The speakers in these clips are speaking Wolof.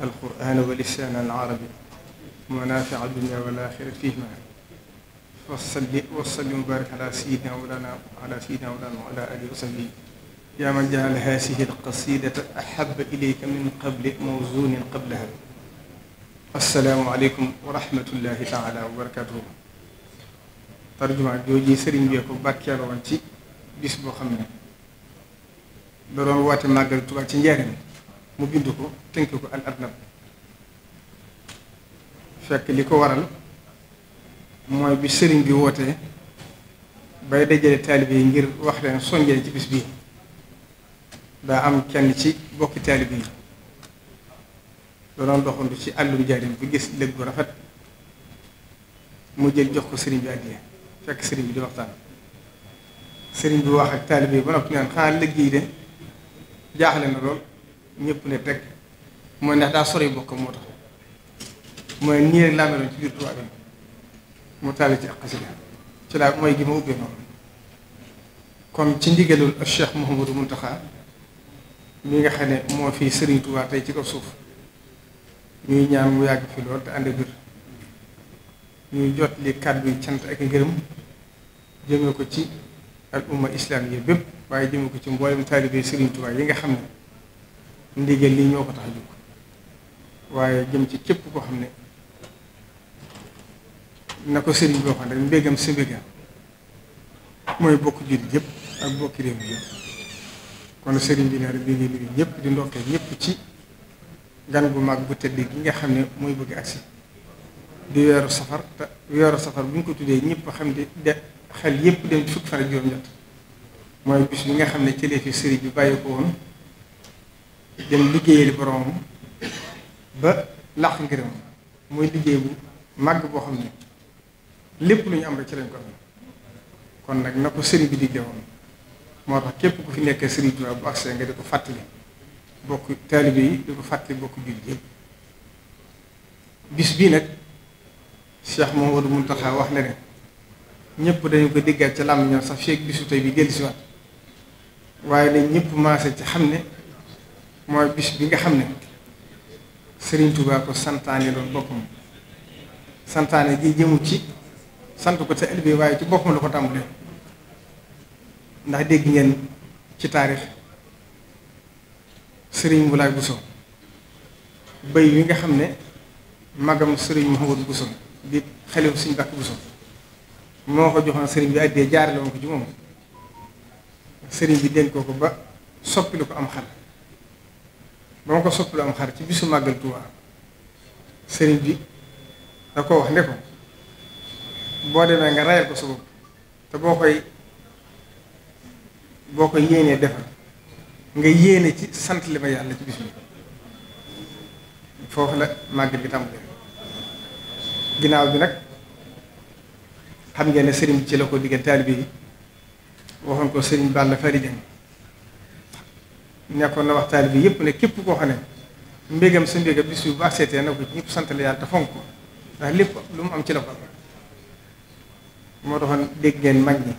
القرآن ولسانا عربي منافع الدنيا والآخرة فيهما وصل وصل وبارك على سيدنا مولانا وعلى سيدنا مولانا وعلى آله وصحبه يا من جعل هذه القصيدة أحب إليك من قبل موزون قبلها السلام عليكم ورحمة الله تعالى وبركاته ترجمة جوجي سرين بيكو باكيا bàkkeeloo بسبو خمنا bis boo xam ne mu bind ko tënk ko al adnab fekk li ko waral mooy bi sëriñ bi wootee bay dajale taalibe yi ngir wax leen soññee ci bis bii daa am kenn ci bokki taalibe yi danoon doxantu ci àllum jaarim bi gis lëg bu rafet mu jël jox ko sëriñ bi àddiya fekk sëriñ bi di waxtaan sëriñ bi wax ak taalibe yi ba noppi naan xanaa lëg yi de jaaxle na lool ñëpp ne teg mooy ndax daa sori bokk moo tax mooy nii rek laa meloon ci biir tubaab yi mu taal ci ak xasida ci laa mooy gi ma ubbee noonu kon ci ndigalul ak Cheikh Mouhamadou Mountakha mi nga xam ne moo fi Sëriñ Tuubaa tey ci kaw suuf ñuy ñaan mu yàgg fi lool te ànd biir ñuy jot li kàddu yi cant ak ngërëm jëme ko ci al umma islam yi bépp waaye jëme ko ci mboolem taalibe Sëriñ Tuubaa yi nga xam ne ndigal lii ñoo ko tax a waaye jëm ci cépp koo xam ne na ko sëriñ bi waxoon rek mbégam si mbégam mooy bokk jullit yëpp ak bokki réew mi kon sëriñ bi nee na mi ngi nuyu ñëpp di ndokkee ñëpp ci gan bu mag bu tëdd gi nga xam ne mooy bëgg agsi di weeru safar te safar bu ko tuddee ñëpp xam ne de yëpp dem fukk fan ñett mooy bi nga xam ne ci fi sëriñ bi bàyyi ko woon dem liggéeyal boromam ba làq ngërëm mooy liggéey bu màgg boo xam ne lépp lu ñu am rek ci lañ ko am kon nag na ko sëriñ moo tax képp ku fi nekk sëriñ Tuubaa bu fàttali bokk taalibe yi di bokk jullit bis bii nag Cheikh Mouhamadou Mountakha wax ne ñëpp dañu ko déggaat ca làmmiñam sax feek bisu tey bi dellusiwaat waaye ne ñëpp maase ci xam ne mooy bis bi nga xam ne sëriñ Touba ko santaane loolu boppam santaane gi jëmu ci sant ko sa ëllëgee waaye ci boppam la ko tàmbalee ndax dégg ngeen ci taarix Serigne Moulay Bousso béy wi nga xam ne magam Serigne Mouhamadou Bousso di xelif Serigne Bakk Bousso moo ko joxoon Serigne bi àddee jaarale woon ko ci moom sëriñ bi dénk ko ko ba soppi lu ko am xar. ba ma ko sopplu am xar ci bisu màggal Tuuba sëriñ bi da ko wax ne ko boo demee nga rayal ko sa bopp te boo koy boo ko yéenee defal nga yéene ci sant li ma yàlla ci bis bi foofu la màggal bi tàmbalee ginnaaw bi nag xam ngeen ne sëriñ bi ci la ko digal taalibe yi waxoon ko sëriñ Balla Fari Jeng nekkoon na wax taalibe yëpp ne képp koo xam ne mbégam sa mbégam bis bu baax seetee na ko ñëpp sant la yàlla te fonk ko ndax lépp lu mu am ci la ko moo taxoon dégg ngeen mag ñi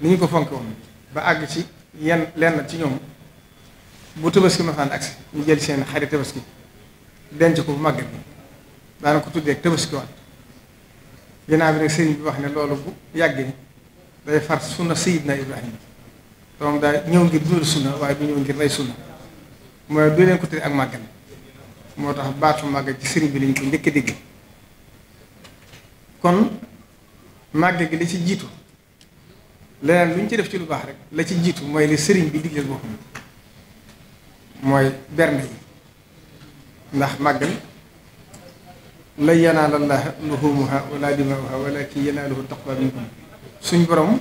ni ñu ko fonk woon ba àgg ci yenn lenn ci ñoom bu tabaski masaan agsi ñu jël seen xari tabaski denc ko bu màggat bi daana ko tuddee tabaski waat ginnaaw bi nag sëriñ bi wax ne loolu bu yàggee day far sunna Sayyidina Ibrahima moom daal ñëw ngir dund sunna waaye du ñëw ngir rey sunna mooy du leen ko tere ak màggal moo tax baatu màggal ci sëriñ bi lañ ko njëkk a dégg kon màggal gi la ci jiitu leneen lu ñu ci def ci lu baax rek la ci jiitu mooy li sëriñ bi digleel boppam mooy bernde yi ndax màggal lan yanaala llaaha luhuumuhaa wa laa dimaa'uhaa walaakin yanaaluhu taqwaa minkum suñ borom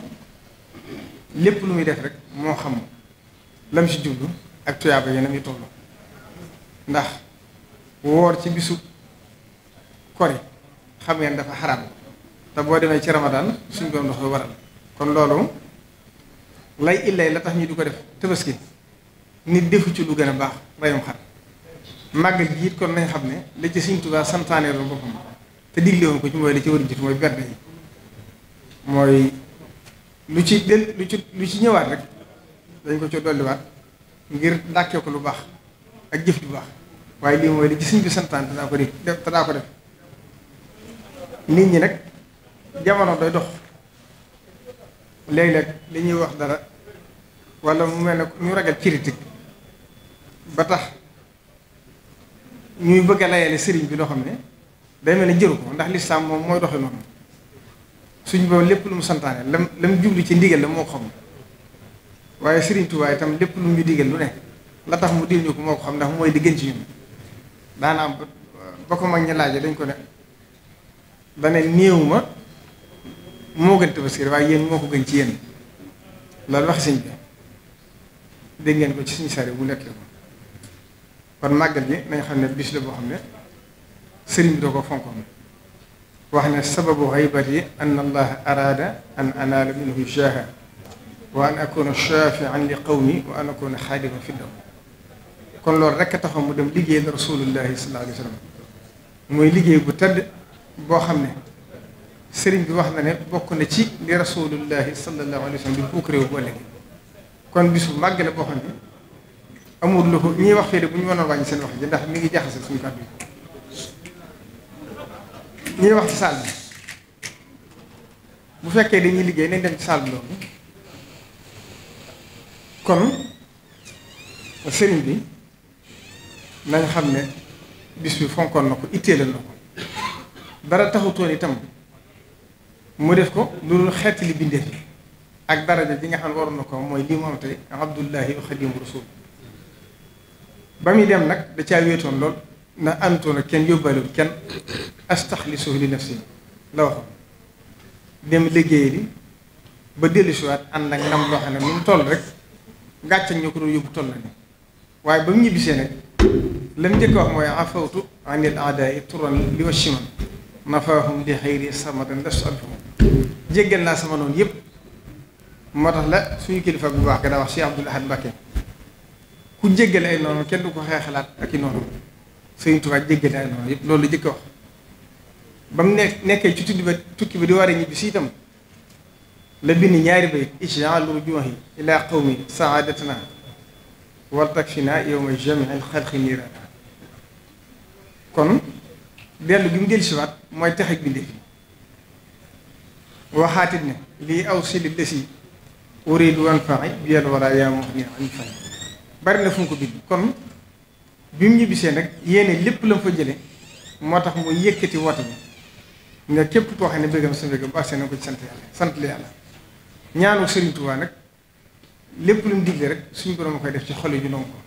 lépp lu muy def rek moo xam lam si jublu ak tuyaaba yeneen yu toll ndax woor ci bisu kori xam ngeen dafa xaraam te boo demee ci ramadaan suñ doon dafa waral kon loolu lay illay la tax ñu du ko def tabaski nit defu ci lu gën a baax reyum xar màggal gi it kon nañ xam ne la ci Sëriñ Tuubaa santaane loolu boppam te digle ko ci mooy la ci war a jiitu mooy berde yi mooy lu ci del lu ci lu ci ñëwaat rek dañ ko ci dolliwaat ngir ndàkkee ko lu baax ak jëf lu baax waaye lii mooy li gis bi santaan danaa ko def danaa ko def nit ñi nag jamono day dox léeg-léeg li ñuy wax dara wala mu mel ne ñu ragal critique ba tax ñuy bëgg a layale sëriñ bi loo xam ne day mel ne jëru ko ndax lislaam moom mooy doxee noonu suñu boobu lépp lu mu santaane lam lam jublu ci ndigal la moo ko xam waaye Serigne Touba itam lépp lu mu ñu digal lu ne la tax mu dil ñu moo ko xam ndax mooy li gën ci ñun daanaam ba ko mag ñi laajee dañ ko ne dane néewuma moo gën tabaski waaye yéen moo ko gën ci yéen loolu wax sëñ bi dégg ngeen ko ci suñu sare bu nekk la ko kon màggal gi nañ xam ne bis la boo xam ne sëriñ bi doo ko fonkoon واحنا السبب غيبتي ان الله اراد ان انال منه الجاه وان اكون شافعا لقومي وان اكون خادما في الدم كون لور رك دم ليجي رسول الله صلى الله عليه وسلم موي ليجي بو تاد بو خامني سيرين بي واخنا ني بوكو ني سي لي رسول الله صلى الله عليه وسلم بو كريو بو ليك كون بيسو ماغلا بو خامني امول لو ني واخ فيري بو ني وانا واني سين واخ جي داخ ميغي جاخس سوني كاد ñi wax ci salle bu fekkee dañuy liggéey nañ dem ci salle bi loolu kon sëriñ bi nañ xam ne bis bi fonkoon na ko itteelal na ko dara taxutoon itam mu def ko lu dul xeetali bindeef yi ak daraja ji nga xam ne waroon na ko mooy lii mu am tey abdullahi wa rasul ba muy dem nag da caa wéetoon lool نا انتون كان يوبالو كان استخلصه لنفسي لا واخا ديم ليغي لي با ديلي شوات اند اك نام من خنا مين تول رك غاتش نيوكو دو يوب تول ناني واي بام نيبيسي نك لم ديك واخ موي عفوت عن الاعداء ترن لو شيم نفاهم دي خير سمد نسالهم جيغن نا سما نون ييب موتاخ لا سوني كيلفا بو باخ كدا واخ شيخ عبد الاحد باكي كو جيغل اي نونو كين دوكو خيخلات اكي نونو سيدنا توبا ديغ دا نو ييب لولو ديك واخ بام نيك نيكي تي تودي با توكي با دي واري ني بيسيتام لا بين نياري بيت اجعل وجوهي الى قومي سعادتنا والتكفينا يوم الجمع الخلق نيرا كون بيلو بيم ديل سوات موي تخيك بي ديف وخاتيتنا لي اوصي لدسي اريد وانفعي بيل ولا يا مخني عن فاي بارنا فنكو بيد كون bi mu ñibbisee nag yéene lépp la mu fa jële moo tax mu yëkkati woote bi nga képp koo xam ne bëggam sa bëggam baax na ko ci sant yàlla sant la yàlla ñaanu Sëriñ Tuubaa nag lépp lu mu digle rek suñu borom a koy def ci xol yi ñu nangu ko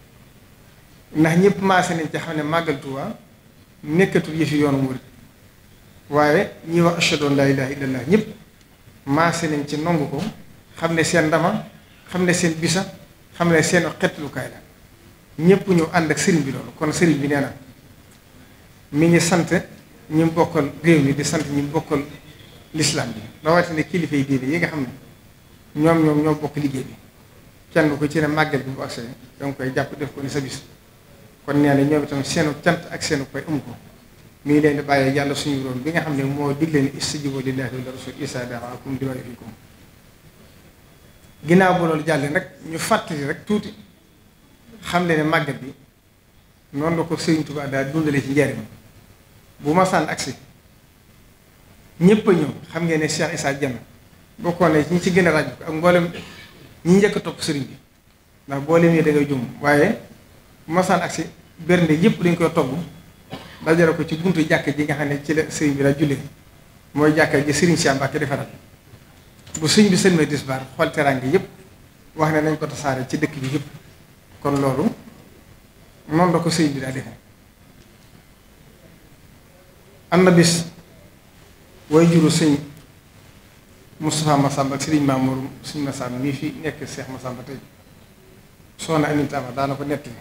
ndax ñëpp maase nañ ci xam ne màggal Tuubaa nekkatul yëfi yoonu murit wax ashhadu an laa ilaaha illallah ñëpp maase nañ ci nangu ko xam ne seen ndama xam ne seen bisa xam ne seen xetlukaay la ñëpp ñëw ànd ak sëriñ bi loolu kon sëriñ bi nee na mi ngi sant ñi mu bokkal réew mi di sant ñi mu bokkal lislaam bi rawatina kilifa yi diine yi nga xam ne ñoom ñoom ñoo bokk liggéey bi kenn ko ci ne màggal bi bu agsee da nga koy jàpp def ko ni sa bis kon nee ñoom itam seenu cant ak seenu koy amu ko mi ngi leen di bàyyee yàlla suñu boroom bi nga xam ne moo digle ni istajibu lillahi wa rasul isa daakum lima yuhyikum ginnaaw ba loolu jàllee ñu fàttali rek tuuti xam ne ne màggat bi noonu la ko Sëriñ Tuubaa daal dundale ci njariñ bu ma sànn agsi ñëpp a ñëw xam ngeen ne Cheikh Issa Dieng bokkoon ne ñi ci gën a ràññ ko ak mboolem ñi njëkk topp sëriñ bi ndax boo limee da ngay jum waaye bu agsi bernde yëpp dañ koy togg dajale ko ci buntu jàkk ji nga xam ne ci la sëriñ bi la jullee mooy jàkk ji sëriñ Cheikh Mbacke defaral bu sëriñ bi sëlmee disbaar xool teraanga yëpp wax ne nañ ko tasaare ci dëkk bi yëpp kon loolu noonu la ko sëñ bi daa defe am na bis way juru sëñ Moustapha Massamba ma sëriñ Mamour sëñ Massamba mii fi nekk Cheikh Massamba tey soxna Amin Tamba daana ko nettali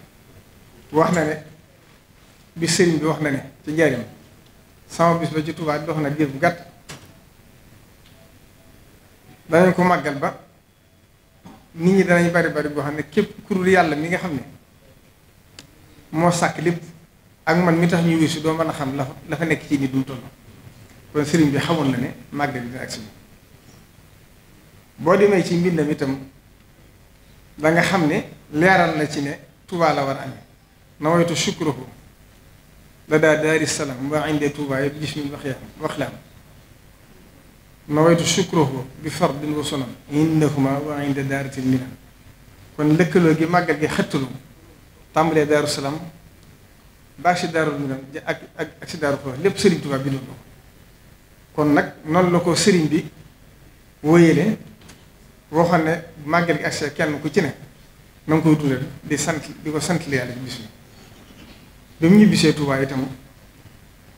wax na ne bi sëriñ bi wax na ne ci njaarim sama bis ba ci Tuubaa dox na diir bu gàtt danañ ko màggal ba nit ñi danañ bari bari boo xam ne képp kurul yàlla mi nga xam ne moo sàkk lépp ak man mi tax ñu si doo mën a xam la la fa nekk ci nit du toll kon sëriñ bi xamoon na ne bi màggal dina agsi boo demee ci mbindam itam da nga xam ne leeral na ci ne Tuubaa la war a amee nawaytu shukruhu la daa daari salaam wa inde Tuubaa yëpp gis min wax yaa wax laa nawaytu shukruhu bi far fardin wa sunan indahuma wa inda daaratil minan kon lëkkaloo gi màggal gi xëttalu tàmbalee daaru salaam ba si daaru minan ak ak ak si daaru foofu lépp sëriñ Tuubaa bi doon kon nag noonu la ko sëriñ bi woo xam ne màggal gi ak kenn ku ci ne na nga koy dundal di sant di ko sant yàlla ci bis mi bi mu ñibbisee Tuubaa itam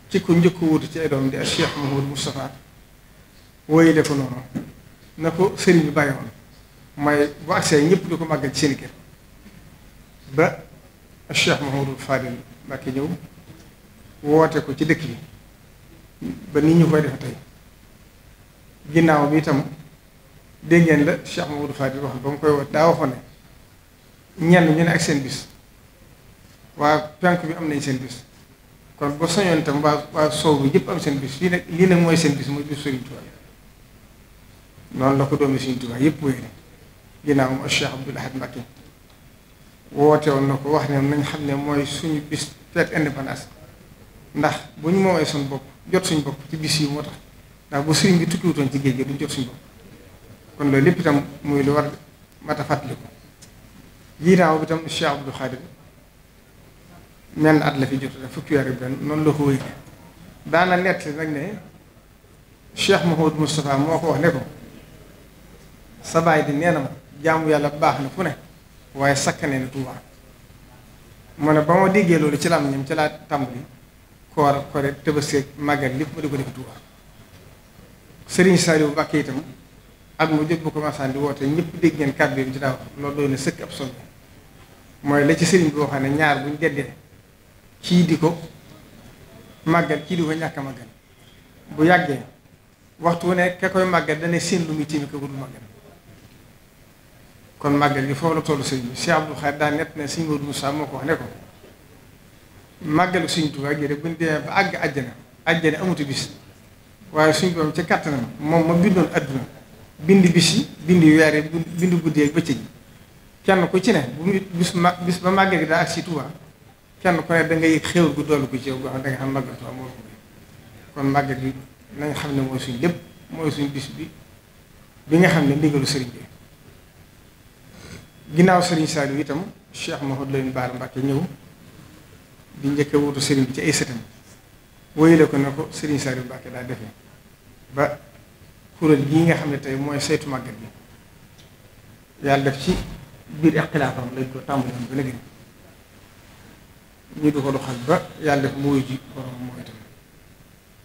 ci ku njëkk wuutu ci ay doom di ak Cheikh Mouhamadou Moustapha wéyale ko noonu na ko sëriñ bi bàyyi woon may bu agsee ñëpp di ko màggal ci seen kër ba Cheikh Mouhamadou Fadil Mbacké ñëw woote ko ci dëkk yi ba nit ñu koy defe tey ginnaaw bi itam dégg ngeen la Cheikh Mouhamadou Fadil wax ba mu koy wax daa waxoon ne ñenn ñu ne ak seen bis waa penk bi am nañ seen bis kon ba soñoon itam waa waa soow bi yëpp am seen bis lii nag lii nag mooy seen bis mooy bis Sëriñ Tuubaa noonu la ko doomi Sëriñ Tuubaa yëpp wéyale ginnaaw moom Cheikh Abdoul Ahad Mbacké woote woon na ko wax ne nañ xam ne mooy suñu bis fête indépendance ndax bu ñu moomee suñu bopp jot suñu bopp ci bis yi moo tax ndax bu sëriñ bi tukkiwutoon ci géej gi duñ jot suñu bopp kon loolu lépp itam muy lu war mat a fàttaliku ginnaaw bi tam Cheikh Abdou Khadir menn at la fi jot fukki weer benn noonu la ko wéy daana nett nag ne Cheikh Mouhamadou Moustapha moo ko wax ne sa baay di nee na ma jaamu yàlla baax na fu ne waaye sakkane na Tuubaa mu ne ba ma déggee loolu ci laa lam ñam ci laa tàmbali koor kore tëbaseeg màggal lépp ma di ko def Tuubaa Sëriñ Saliou Mbacke itam ak mu jot bu commencé di woote ñëpp dégg ngeen kàddu yi ci daaw loolu doy na sëkk ab solo mooy la ci sëriñ bi boo ne ñaar buñ deddee kii di ko màggal kii di ko ñàkk màggal bu yàggee waxtu wu ne ka koy màggal dana seen lu muy tiim ka ko kon màggal gi foofu la tollu sëñ bi Cheikh Abdou Khadre daa nett ne sëñ Modou Moussa moo ko wax ne ñu demee ba àgg àjjana àjjana amutu waaye suñ borom ca kàttanam moom ma bindoon bind bis yi weer bind guddi ak bëccëg kenn ku ci ne bu mu bis ma ba màggal gi daa ak kenn ku da ngay xéwal gu dollu ko ci yow xam da nga xam ko kon màggal gi nañ xam ne mooy suñ mooy suñ bis bi bi nga xam ne ndigalu sëriñ bi ginnaaw Serigne Saliou itam Cheikh Mouhamadou Lamine Bara Mbacké ñëw di njëkk a wutu Serigne bi ci ay sëtam wóyule ko ne ko Serigne Saliou Mbacké daa defee ba kuréel gi nga xam ne tey mooy saytu màgget bi yàlla def ci biir ixtilaafam lañ ko tàmbali woon ba léegi ñu du ko doxal ba yàlla def mu wuyu ji itam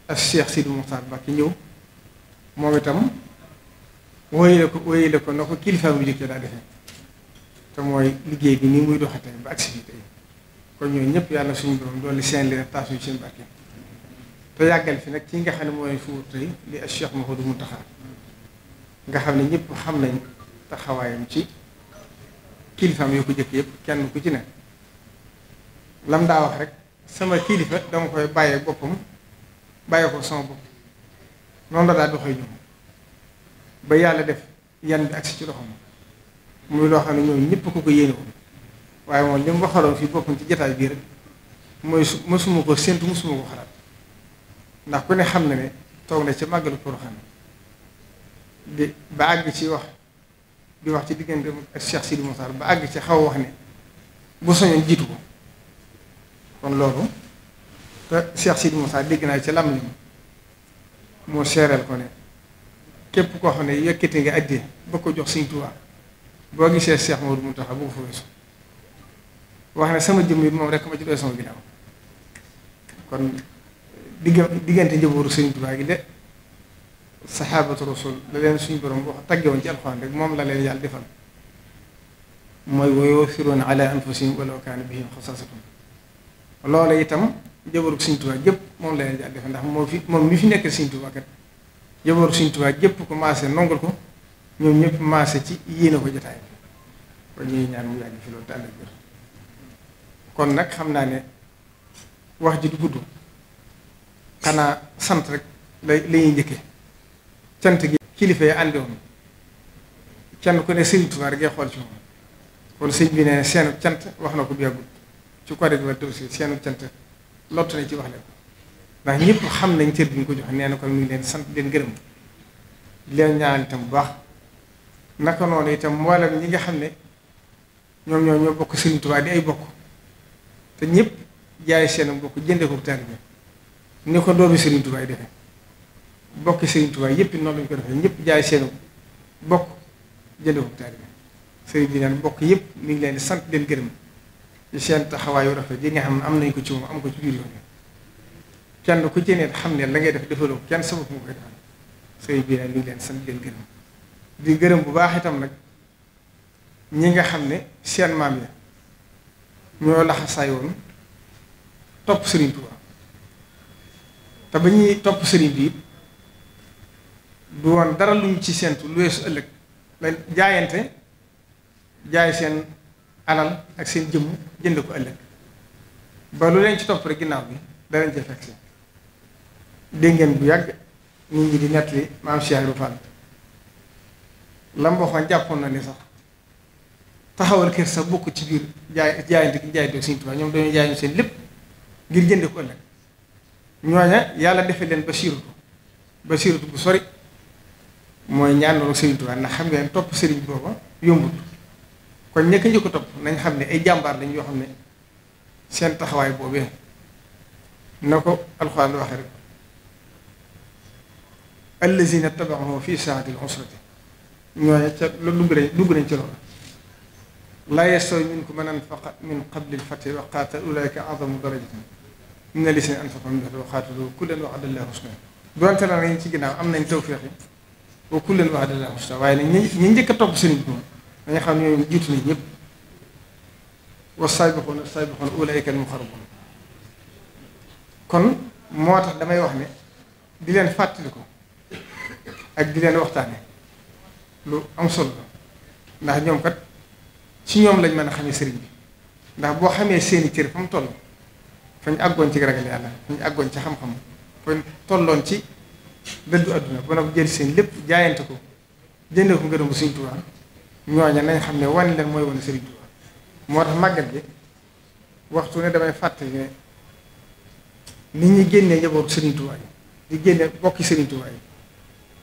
ak Cheikh Sidi Moukhtar Mbacké ñëw moom itam wóyule ko wóyule ko ne ko kilifa bu njëkk daa defee. te mooy liggéey bi nii muy doxatee ba activité yi kon ñooñu ñëpp yàlla suñu borom doole seen leer taas seen barke te yàggal fi nag ki nga xam ne mooy fu tey li ak Cheikh Mouhamadou Mountakha xam ne ñëpp xam nañ taxawaayam ci kilifaam yoo ko jëkk yëpp kenn ku ci ne lam daa wax rek sama kilifa dama koy bàyyee boppam bàyyee ko sama bopp noonu la daa doxee ñoom ba yàlla def yan bi agsi ci loxoom muy loo xam ne ñoom ñëpp ko ko yéene waaye moom li mu waxaloon fii boppam ci jataay bii rek mooy su mësuma ko séntu mësuma ko xalaat ndax ku ne xam na ne toog na ca màggalu Porokhane di ba ci wax di wax ci diggante ak Cheikh ba àgg ci xaw wax ne bu soñoon jiitu ko kon loolu te Cheikh Sidi Moussa dégg naa ci lam moo seereel ko ne képp koo xam ne yëkkati nga àddee ba ko jox Sëñ Tuubaa boo gisee Cheikh Maodo Mountakha bu ko fa weesu wax ne sama jëmm yi moom rek ma ci doy sama ginnaaw kon diggante njabootu Sëriñ Tuubaa gi de saxaabatu rasul la leen suñu borom wax taggewoon ci alxuraan rek moom la leen yàlla defal mooy wa yu'thiruuna ala anfusihim wa law kaana bihim xasaasatun loola itam njabootu Sëriñ Tuubaa yëpp moom la leen yàlla defal ndax moo fi moom mi fi nekk Sëriñ Tuubaa kat njabootu Sëriñ Tuubaa yëpp ko maase nongul ko ñoom ñëpp maase ci yéene ko jotaay bi ñuy ñaan mu yàgg fi te ànd ak biir kon nag xam naa ne wax ji du gudd xanaa sant rek la la ñuy njëkke cant gi kilifa yi àndi woon kenn ku ne Serigne Touba rek xool ci moom kon sëñ bi ne seenu cant wax na ko bu yàggul ci Korite wala Tabaski seenu cant lot na ci wax leen ndax ñëpp xam nañ cër bi ñu ko jox nee na ko mu leen sant leen gërëm leen ñaan itam bu baax naka noonu itam mboolem ñi nga xam ne ñoom ñoo ñoo bokk Sëriñ Tuubaa di ay bokk te ñëpp jaay seen bokk jëndee ko taalibe ni ko doomi Sëriñ Tuubaa yi defee bokki Sëriñ yëpp noonu lañ ko defee ñëpp jaay seen bokk jëndee ko taalibe sëriñ bi naan bokk yëpp mi ngi leen di sant leen gërëm ci seen taxawaayu rafet yi nga xam ne am nañ ko ci moom am ko ci biir yoon kenn ku ci xam ne la ngay def defaloo kenn sabab moo koy defal sëriñ bi naan mi ngi leen sant leen gërëm. di gërëm bu baax itam nag ñi nga xam ne seen maam ya ñoo laxasaay woon topp sëriñ Touba te ba ñuy topp Serigne bi du woon dara luñ ci sentu lu weesu ëllëg la jaayante jaay seen alal ak seen jëmm jënd ko ëllëg ba lu leen ci topp rek ginnaaw bi darañ ci fekk dégg ngeen bu yàgg nit ñi di nettali maam Cheikh Ibra Fall lambo waxoon jappon na ni sax taxawal kër sa bokku ci biir jaay jaay gi jaay do seigne touba ñom dañu jaay ñu seen lépp ngir jënde ko nak ñoña yàlla defee leen basiiratu basiiratu bu sori mooy ñaanaloo Sëriñ Tuubaa ndax xam ngeen topp sëriñ booba yombut kon ñëkk ñi ko topp nañ xam ne ay jàmbaar lañ yoo xam ne seen taxawaay boobee na ko alxuraan waxe rek allazina tabaxoo fi saati ñooñu ca la dugg nañ dugg nañ ci loolu laa yastawi minkum man anfaqa min qabli al-fathi wa qaatala ulaa'ika a'zamu darajatan mina llaziina anfaqu min ba'du wa qaatalu kullan wa'ada llaahu l-husnaa donte la nañ ci ginnaaw am nañ tawfiix yi wa kullan wa'ada llaahu l-husnaa waaye nag ñi ñi njëkk a topp sëriñ bi moom dañu xam ne ñoom jiitu nañ ñëpp wa saabiquuna saabiquuna ulaa'ika al-muqarrabuun kon moo tax damay wax ne di leen fàttali ko ak di leen waxtaane lu am solo ndax ñoom kat ci ñoom lañ mën a xamee sëriñ bi ndax boo xamee seeni cër fa mu toll fañ àggoon ci ragal yàlla fañ àggoon ci xam-xam fañ tolloon ci dëddu àdduna ba nag jël seen lépp jaayante ko jëndee ko ngërëmu Sëriñ Tuubaa ñooña nañ xam ne wane leen mooy wane Sëriñ Tuubaa moo tax màggal bi waxtu ne damay fàttali nit ñi génnee njabootu Sëriñ Tuubaa yi di génne bokki Sëriñ Tuubaa yi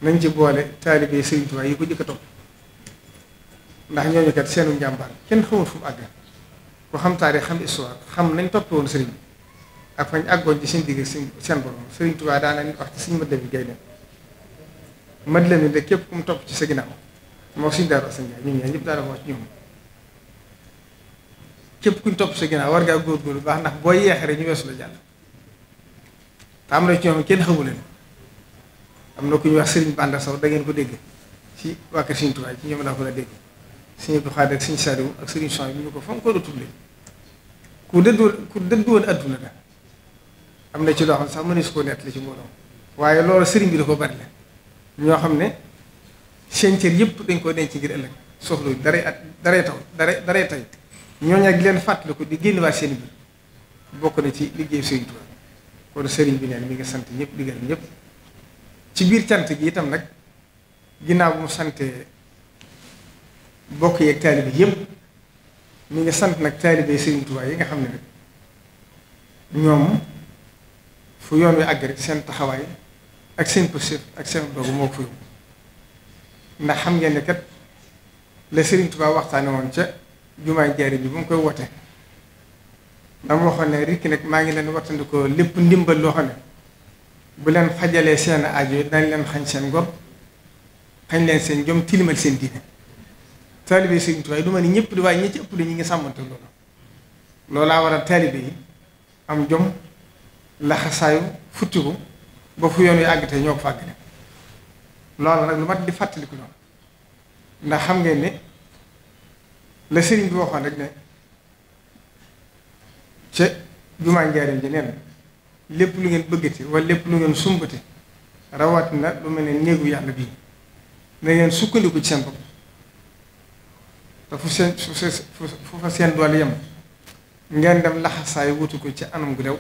nañ ci boole taalibe Sëriñ Tuubaa yi ko jëkk a topp ndax ñooñu kat seenu njàmbaar kenn xamul fu mu àgg ko xam taarix xam histoire xam nañ topp woon sëriñ ak fañ àggoon ci seen digg seen borom Sëriñ Tuubaa daana nit wax ci suñu madla bi gay dem madla mi de képp ku mu topp ci sa ginnaaw moo suñu daara sa njaay ñun ñaa ñëpp daana moo ci ñoom képp kuñ topp sa ginnaaw war ngaa góorgóorlu baax ndax boo yeexee rek ñu weesu la jàll te am na ci ñoom kenn xamu leen am na ku ñuy wax Serigne Banda Sow da ngeen ko dégg ci waa kër Serigne Touba ci ñoom laa ko la dégg Serigne Abdou Khadre ak Serigne Saliou ak Serigne Chouaib bi ñu ko fa nga ko ku dëddu ku dëddu woon adduna la am na ci loo xam sax mënees koo nett la ci mbooloo waaye loolu Serigne bi da ko xam ne seen yëpp dañ ko denc ngir ëllëg soxlu daree at daree taw daree daree tay ñooñu ak leen fàttaliku di génn waa seen bi bokk na ci liggéey Serigne Touba kon Serigne bi neen mi ngi sant ñëpp digal ñëpp. ci biir cant gi itam nag ginnaaw bu mu sante bokk yeeg taalibe yëpp mi ngi sant nag taalibe Sëriñ Tuubaa yi nga xam ne nag ñoom fu yoon wi àgg rek seen taxawaay ak seen pëstéef ak seen dogu moo ko ndax xam ngeen ne kat la Sëriñ Tuubaa woon ca jumaay jaari bi mu koy wote dama waxoon ne rikki nag maa ngi leen wattandikoo lépp ndimbal loo xam ne bu leen fajalee seen aajo dañ leen xañ seen ngor xañ leen seen jom tilimal seen diine taalibe Sëriñ Tuubaa yi du ma ni ñëpp di waaye ñi ci ëpp de ñu ngi sàmmante loolu loolaa war a taalibe yi am jom laxasaayu futtiku ba fu yoon wi àgg tey ñoo ko fàggale loolu nag lu mat di fàttaliku noonu ndax xam ngeen ni la sëriñ bi waxoon rek ne ca jumaa njaarim ji neen lépp lu ngeen bëggati wala lépp lu ngeen sumbati rawat na lu mel ne néegu yàlla bii na ngeen sukkandiku ci seen bopp te fu seen fu fa seen doole yem ngeen dem laxasaay wutu ko ci anam gu dew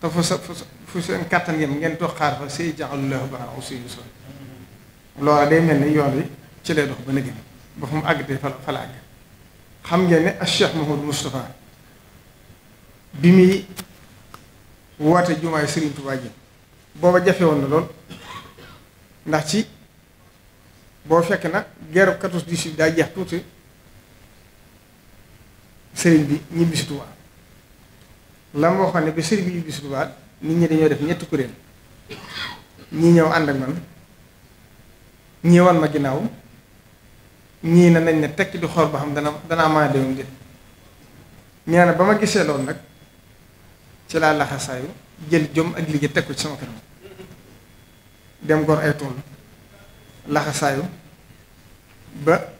te fu sa fu seen kàttan yem ngeen toog xaar fa say jaxalullahu baax aw suy sol loola day mel ni yoon wi ci lay dox ba nëgg ba fu mu àgg te fa la àgg xam ngeen ne ak Cheikh Mouhamadou bi muy woote jumaay Serigne Touba yi booba jafe woon na lool ndax ci boo fekk na guerre 14 18 daa jeex tuuti sëriñ bi ñibbi si Touba xam ne bi Serigne bi ñibbi baat nit ñi dañoo def ñetti kuréel ñii ñëw ànd ak man ñii wan ma ginnaaw ñii na nañ ne tekki di xool ba xam dana danaa mën a dem déet ñaana ba ma gisee loolu nag. ci laa laxasaayu jël jom ak liggéey teg ko ci sama kanam dem gor ay tool laxasaayu ba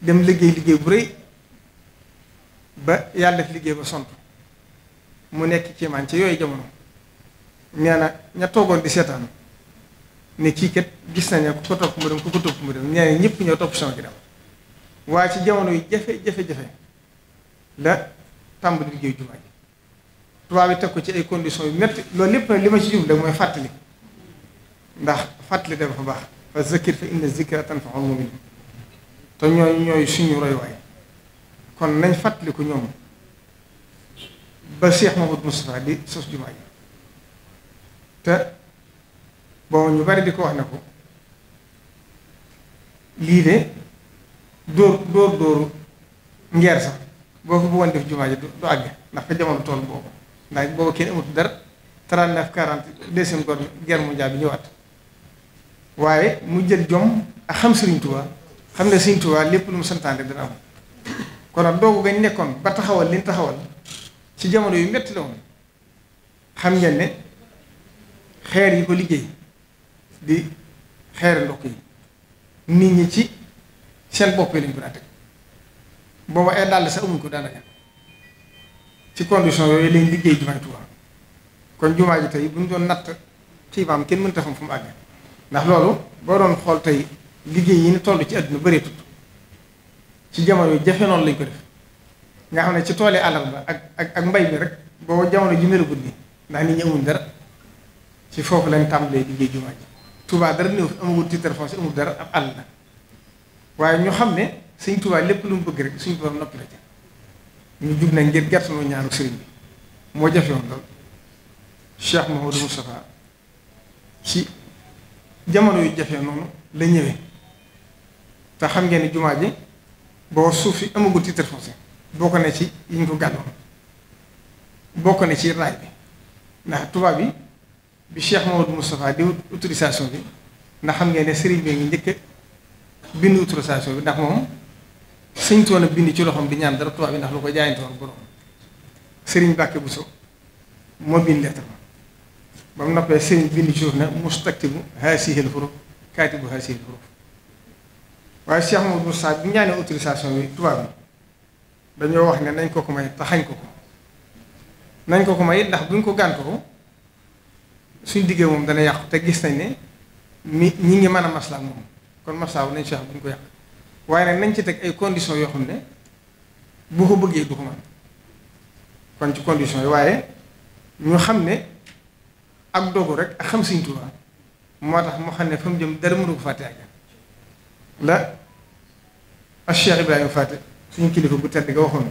dem liggéey liggéey bu rëy ba yàlla def liggéey ba sont mu nekk ci man ci yooyu jamono nee na ña toogoon di seetaan ne kii kat gis nañ ne ku ko topp mu dem ku ko topp mu dem nee na ñëpp ñoo topp sama ginnaaw waaye ci jamono yi jafe jafe jafe la tàmbu liggéey jumaa ji tubaab yi teg ko ci ay conditions yu métti loolu lépp nag li ma ci jublu mooy fàttali ndax fàttali dafa baax fa zakir fa inna zikra tanfaul mumin te ñooy suñu roywaay kon nañ fàttali ko ñoom ba Cheikh Mamadou Moustapha di sos jumaa ji te boobu ñu bari di ko wax ne ko lii de dóor dóor dóoru ngeer sax boo ko bëggoon def jumaa ji du àgg ndax fa jamono tool boobu ndax booba kenn amut dara 39 40 deuxième gor guerre mondiale bi ñëwaat waaye mu jël jom ak xam Serigne Touba xam ne Serigne Touba lépp lu mu santaane dana am kon nag doogu gañ nekkoon ba taxawal liñ taxawal ci jamono yu metti la woon xam ngeen ne xeer yi ko liggéey di xeer ndokk yi nit ñi ci seen bopp yi lañ ko daa teg booba ay dàll sa amuñ ko daanaka ci condition yooyu lañ liggéey jumaay Tuubaa kon jumaa ji tey bu doon natt xiibaam kenn mënta xam fu ndax loolu boo doon xool tey liggéey yi ni toll ci àdduna bëree ci jamono jafe noonu lañ ko def nga xam ne ci tool yi àllarba ak ak ak mbay bi rek boobu jamono ji melagut nii ndax nit ñi dara ci foofu lañ tàmbalee liggéey jumaa ji Tuubaa dara néew amagul titre foncier amul dara ab àll na waaye ñu xam ne Sëñ Tuubaa lépp lu mu bëgg rek suñu borom noppi la ca ñu jub na ngir gerte lu ñaanu sëriñ bi moo jafewoon lool Cheikh Mouhamadou Moustapha ci jamono yu jafe noonu la ñëwee te xam ngeen ni jumaa ji boo suuf si amagul titre foncier bokk na ci yi ñu ko gàddoon bokk na ci raay bi ndax tubaab bi bi Cheikh Mouhamadou Moustapha di autorisation bi ndax xam ngeen ne sëriñ bi ngi njëkk bindu autorisation bi ndax moom. sëñtoon a bind ci loxoom di ñaan dara tubaab bi ndax lu ko jaayantoon borom sëriñ Bàkke Buso moo bind lettre ba mu noppee sëriñ bind ci ne mustaktibu haasihil huruf kaatibu haasihil huruf waaye Cheikh Mamadou Sa bi ñaanee autorisation bi tubaab bi dañoo wax ne nañ ko ko may taxañ ko ko nañ ko ko may ndax buñ ko gànt ko suñ diggee moom dana yàqu te gis nañ ne mi ñi ngi mën a maslaa moom kon maslaa wu nañ Cheikh buñ ko yàq waaye nag nañ ci teg ay conditions yoo xam ne bu ko bëggee du ko mën kon ci conditions yi waaye ñu xam ne ak dogu rek ak xam Sëriñ Tuubaa moo tax mu xam ne fa mu jëm dara mënu ko fàtte ak la ak Cheikh Ibrahima Fàtte suñu kilifa bu tedd nga waxoon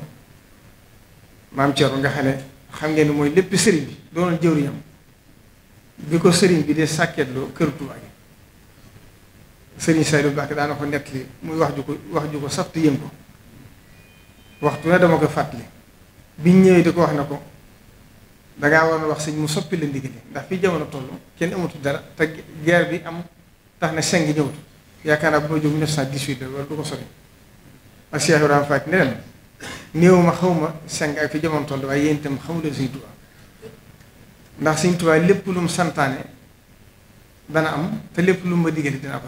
maam Thierno nga xam ne xam ngeen ne mooy lépp sëriñ bi doonal jëwriñam bi ko sëriñ bi dee sàkketlu kër Tuubaa gi sëriñ Saliou Mbacke daana ko nettali muy wax ju ko wax ju ko safti yën ko waxtu ne dama ko fàttali biñ ñëwee di ko wax ne ko dangaa waroon wax sëñ mu soppi la ndigale ndax fi jamono toll kenn amatul dara te guerre bi am tax na seng ñëwut yaakaar naa bu ma jóg 1918 la wala du ko sori ak Cheikh Ibrahima Faty ne leen néew ma xaw ma seng ak fi jamono toll waaye yéen itam xamu leen sëñ Tuubaa ndax sëñ Tuubaa lépp lu mu santaane dana am te lépp lu ma diggale dina ko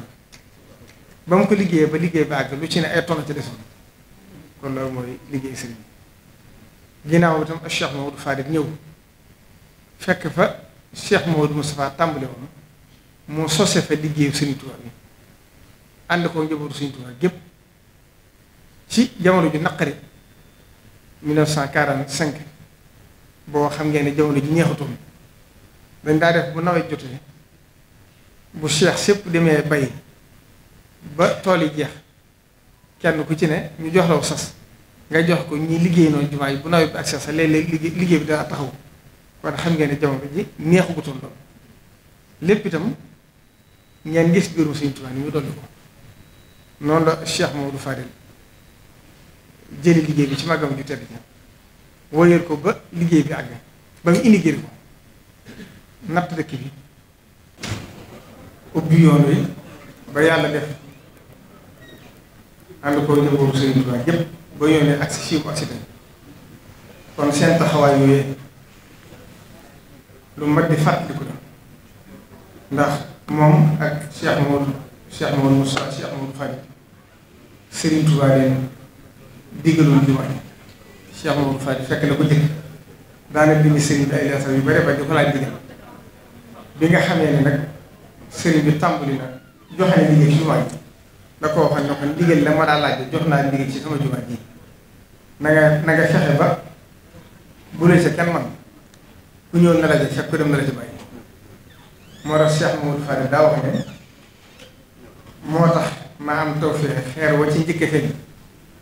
ba mu ko liggéeyee ba liggéey ba àgg lu ci ne ay tonn ci desoon kon loolu mooy liggéey sëriñ bi ginnaaw itam ak Cheikh Maodo Fadil ñëw fekk fa Cheikh Maodo Moustapha tàmbale woon moo sose fa liggéeyu sëriñ Tuubaa bi ànd ko njabootu sëriñ Tuubaa gépp ci jamono ju naqari 1945 boo xam ngeen ne jamono ju neexatoon dañ daa def bu nawet jotee bu Cheikh sépp demee bay ba tool yi jeex kenn ku ci ne ñu jox law sas nga jox ko ñi liggéey noonu jumaa yi bu nawet bi ak sas léeg-léeg liggéey liggéey bi dana taxaw kon xam ngeen ne jamono ji neexugutoon loolu lépp itam ngeen gis biirum Sëriñ Tuubaa ni mu dolli ko noonu la Cheikh Mamadou Fadel jëli liggéey bi ci màggam ju tedd ja wóyal ko ba liggéey bi àgg ba mu indi ko natt dëkk bi ubbi yoon wi ba yàlla def ànd ko njabootu Sëriñ Tuubaa yëpp ba yónnee ak si fii kon seen taxawaay yooyu lu mat di fàttaliku la ndax moom ak Cheikh Mamadou Cheikh Mamadou Moussa Cheikh Mamadou Fadi Sëriñ Tuubaa leen digaloon fekk na ko jëkk daanaka bind sëriñ bi ay leetar yu bare ba di ko laaj digal bi nga xamee ne nag sëriñ bi tàmbali na joxe na liggéey ci jumaa ji da koo waxoon ne ko ndigal la ma daa laaj jox naa ndigal ci sama jumaa ji na nga fexe ba bu la sa kenn man ku ñëw na la ja fekk ku dem na la ci bàyyi moo tax Cheikh Mamadou Fadil daa wax ne moo tax ma am tawfeex xeer wa ci njëkk feeñ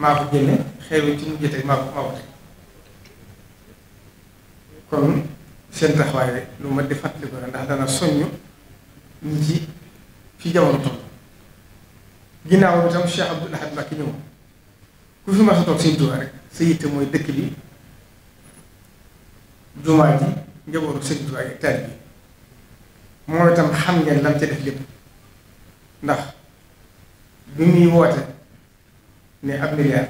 maa ko génne xeer wi ci mujj teg maa ko maa ko kon seen taxawaay lu ma di fàttaliku ndax dana soññ ñi ci fi jamono toll ginnaaw bi tam Cheikh Abdoul Ahad Mbacké ñëw ku fi mas a toog Sëñ Tuubaa rek sa yitte mooy dëkk bi jumaa ji njabootu Sëñ bi moom itam xam ngeen lam ca def lépp ndax bi muy woote ne ab milliard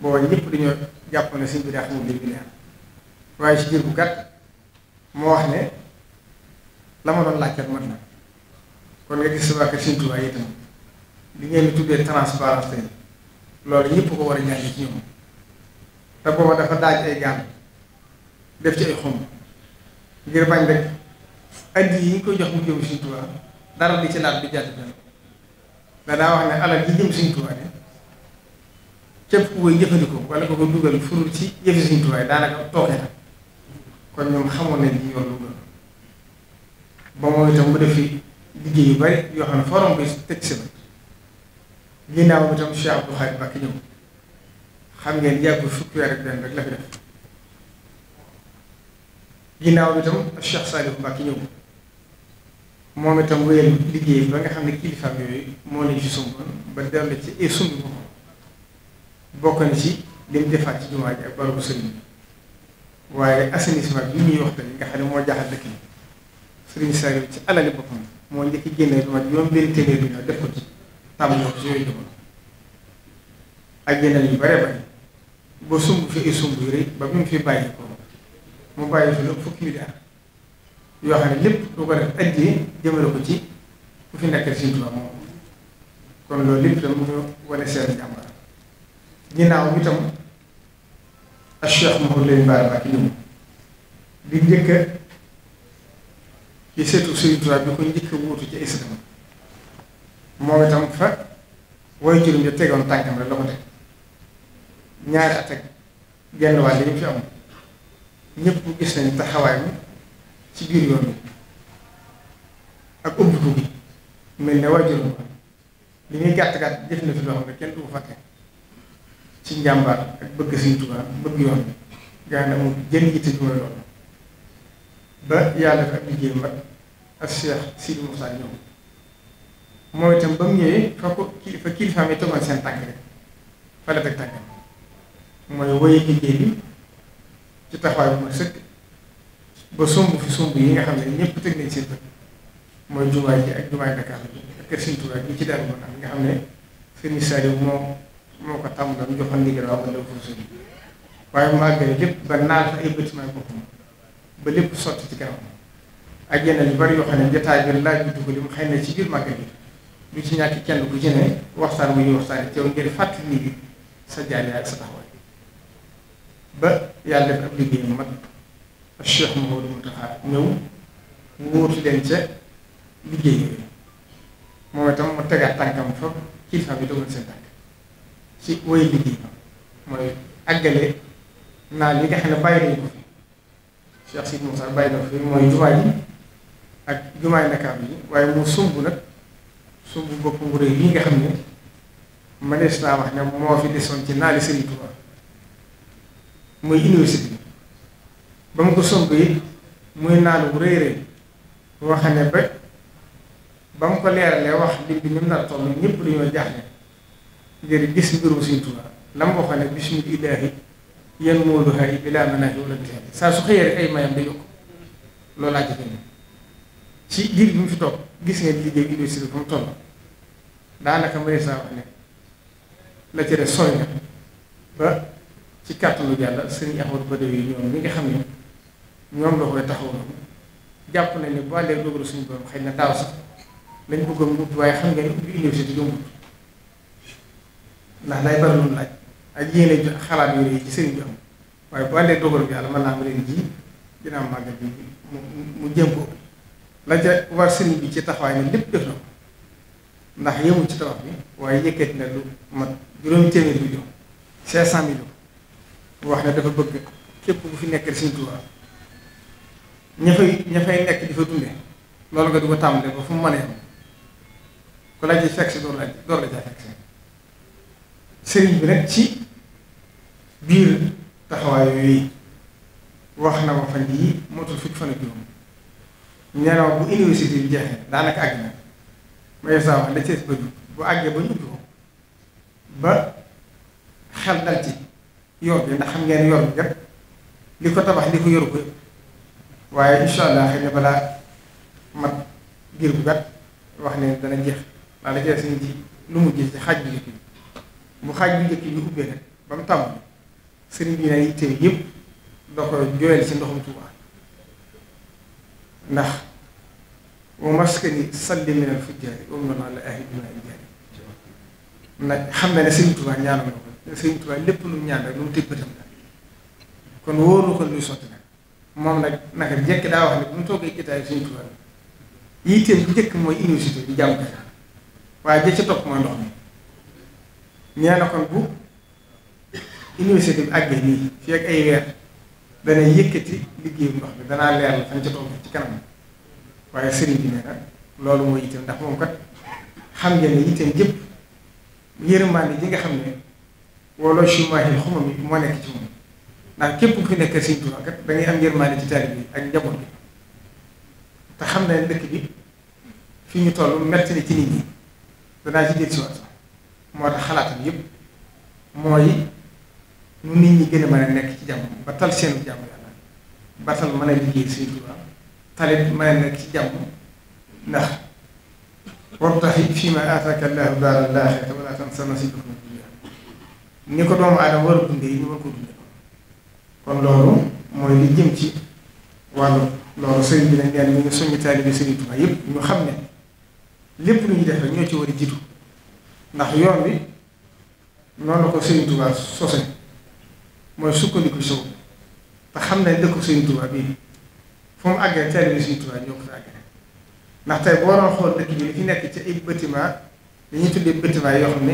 booba ñëpp dañoo jàpp ne Sëñ bi daa xamul li milliard waaye ci diir bu gàtt moo wax ne la ma doon laajte mat kon nga gis sa waa kër Sëñ Tuubaa itam li ngeen di tuddee transparence tey loolu ñëpp ko war a ñaan ci ñoom te booba dafa daaj ay gaan def ci ay xom ngir bañ rek addi yi ñu ko jox mu jëm Sëriñ Tuubaa bi jàdd benn danaa wax ne alal yi jëm jëfandikoo wala ko ko dugal furul ci yëfi Sëriñ Tuubaa yi daanaka toogee nag kon ñoom xamoon nañ li yoon dugal ba moom itam mu def fi liggéey yu bari yoo xam ne forom bi teg si ba ginnaaw bi tam Cheikh Abdou Khadre Mbacké ñëw xam ngeen yàggul fukki weer ak benn rek la def ginnaaw bi tam Cheikh Salif Mbacké ñëw moom itam wéyal liggéey ba nga xam ne kilifaam yooyu moo leen ci sumboon ba dem ci ay sumb bi bokk na ci li defaat ci jumaa ji ak barabu sëriñ waaye assainissement bi ñuy wax yi nga xam ne moo jaaxal dëkk bi sëriñ Salif ci alali boppam moo njëkk génne bi ma juróom benn téeméer bi ñoo def ko ci tàmm ñoo ci yooyu jamono ak yeneen yu bare bare ba sumb fi ay sumb yu rëy ba mu fi bàyyi ko mu bàyyi fi lu fukki milliard yoo xam ne lépp lu ko def addiyee jëmale ko ci ku fi nekk Sëriñ Tuubaa moom kon loolu lépp tam mu ñu wane seen jàmbar ginnaaw bi tam ak Cheikh Mouhamadou Lamine Bara Mbacké ñëw di njëkk ci seetu Sëriñ Tuubaa bi ko njëkk wuutu ci islam moom itam fa way juróom ya tegoon tànkam rek la ko teg ñaari at ak genn wàll yi ñu fi am ñëpp gis nañu taxawaay mi ci biir yoon bi ak ubbiku bi mel ne way juróom li muy gàtt gàtt jëf na fi loo xam ne kenn du ko ci njàmbaar ak bëgg Sëriñ bëgg yoon bi gaa ne amul jën yitte ju loolu ba yàlla fi ak liggéey mbat ak Cheikh Sidi Moussa ñëw moom tam ba mu ñëwee fa ko kii fa kilifaam yi tegoon seen tànk rek fa la teg mooy woye liggéey bi ci taxawaay bu ma sëkk ba sumb fi sumb yi nga xam ne ñëpp teg nañ mooy jumaay ji ak jumaay Dakar ak kër Sëriñ Tuubaa bi nga xam ne Sëriñ Saliou moo moo ko tàmm doon joxoon ndigal waa ko ndaw foofu suñu waaye mu ba naal fa lépp sotti ci kanam ak yeneen yu bari yoo xam ne jotaay bi laaj bi dugg li mu xëy na ci biir màggal bi du ci ñàkk kenn ku ci ne waxtaan wu ñuy waxtaan teew ngir fàttali nit ñi sa jaay ak sa taxawaay ba yàlla def ab liggéey mat Cheikh Mouhamadou Mountakha ñëw liggéey yooyu moom itam mu tegaat tànkam fa kilifa bi dogal seen tànk ci woy liggéey mooy àggale naa li nga xam ne bàyyi nañu ko fi Cheikh Sidi Moussa bàyyi na ko fi mooy jumaa ji ak jumaay Ndakaaru yi waaye mu sumb nag. sumb bopp bu rëy yi nga xam ne mënees naa wax ne moo fi desoon ci naali Serigne Touba muy université bi ba mu ko sumb yi muy naalu bu rëy rëy wax ne ba ba mu ko leeralee wax lim bi ni mu nar toll ñëpp dañoo jaaxle ngir gis mbirum Serigne Touba la mu waxoon ne bismillaahi yan mooluha yi bilaa manaahi wala bisaani saa su xëyee rek ay mayam da yokk loolaa jëfe ci diir bi mu fi toog gis ngeen liggéey université bi fa mu toll daanaka mënees naa wax ne la ca des sooy ba ci kàttanu Yàlla sëriñ Ahmadu Badawi yi ñoom ñi nga xam ne ñoom la koy taxaw noonu jàpp nañ ne bu àllee dogalu suñu borom xëy na taaw sax lañ bëgg mu ubbi waaye xam nga ne ndax day bari lu laaj xalaat yooyu ci sëriñ waaye bu àllee mën naa ma leen ji dina bi mu mu jëm ko la ca war sëriñ bi ci taxawaay ne lépp def ndax yëngu ci tabax bi waaye yëkkati na lu mat juróomi bi million cinq cent millions wax ne dafa bëgg képp ku fi nekk Sëriñ Tuubaa ña fay ña nekk di fa dunde loolu nga di ko tàmbalee ba fu mu mënee am ku laaj fekk si door la door la caa fekk si sëriñ bi nag ci biir taxawaay yooyu wax na ma fan yii motul fukki fan ak juróom nee na bu université bi jeexee daanaka àgg na. waaye saa la cës ba jub bu àggee ba jublu ko ba xel dal ci yor bi ndax xam ngeen yor bi yëpp li ko tabax li ko yoru ko yëpp waaye incha allah xëy na balaa mat diir bu gàtt wax ne dana jeex ndax la cës ñu ji lu mu ji ci xaaj bi njëkk bi bu xaaj bi njëkk bi ubbee nag ba mu tàmbali sëriñ bi na yitte yëpp doo ko jooyal ci ndoxum Tuubaa ndax wa maskani salli min al fujjaari wa nag xam na ne sëñ Tuubaa ñaanam na ko sëñ lépp lu mu ñaan rek lu mu tëj bëtam la kon wóoru ko luy sotti nag moom nag naka njëkk daa wax ne bu mu toogee jotaay sëñ Tuubaa la yitteem bu njëkk mooy université bi jàmm kasa waaye ja ca topp mooy ndox mi nee kon bu université bi àggee nii fii ak ay weer dana yëkkati liggéeyu ndox mi danaa leer la fan ca toog ci kanam waaye sëriñ bi nee loolu mooy itam ndax moom kat xam ngeen ne itam jëpp yërmande ji nga xam ne wala chumahil xumam yi moo nekk ci moom ndax képp ku fi nekk sëriñ Tuubaa kat da ngay am yërmande ci taalibe bi ak njaboot bi te xam ne dëkk bi fi ñu toll metti na ci nit ñi danaa ci dégg si waat moo tax xalaatam yëpp mooy nu nit ñi gën mën a nekk ci jàmm ba tal seen jàmm yàlla ba tal mën a liggéey sëriñ Tuubaa talit may nekk ci jàmm ndax wabtaxi fii ma aataaka llaahu daaral aaxirata wa laa tansa nasiibaka mina dunyaa ni ko doomu aadama war a dundee ñu war ko dundee kon loolu mooy li jëm ci wàllu loolu sëriñ bi nag nee ñu ngi soññi bi Sëriñ Tuubaa yëpp ñu xam ne lépp lu def rek ci war a jiitu ndax yoon bi noonu la ko Sëriñ Tuubaa sukkandiku si te xam ne dëkk Sëriñ Tuubaa bii. fu mu àggee taalibe Sëriñ ñoo ko fa àggee xool fi nekk ci ay bâtiment dañuy tuddee bâtiment yoo xam ne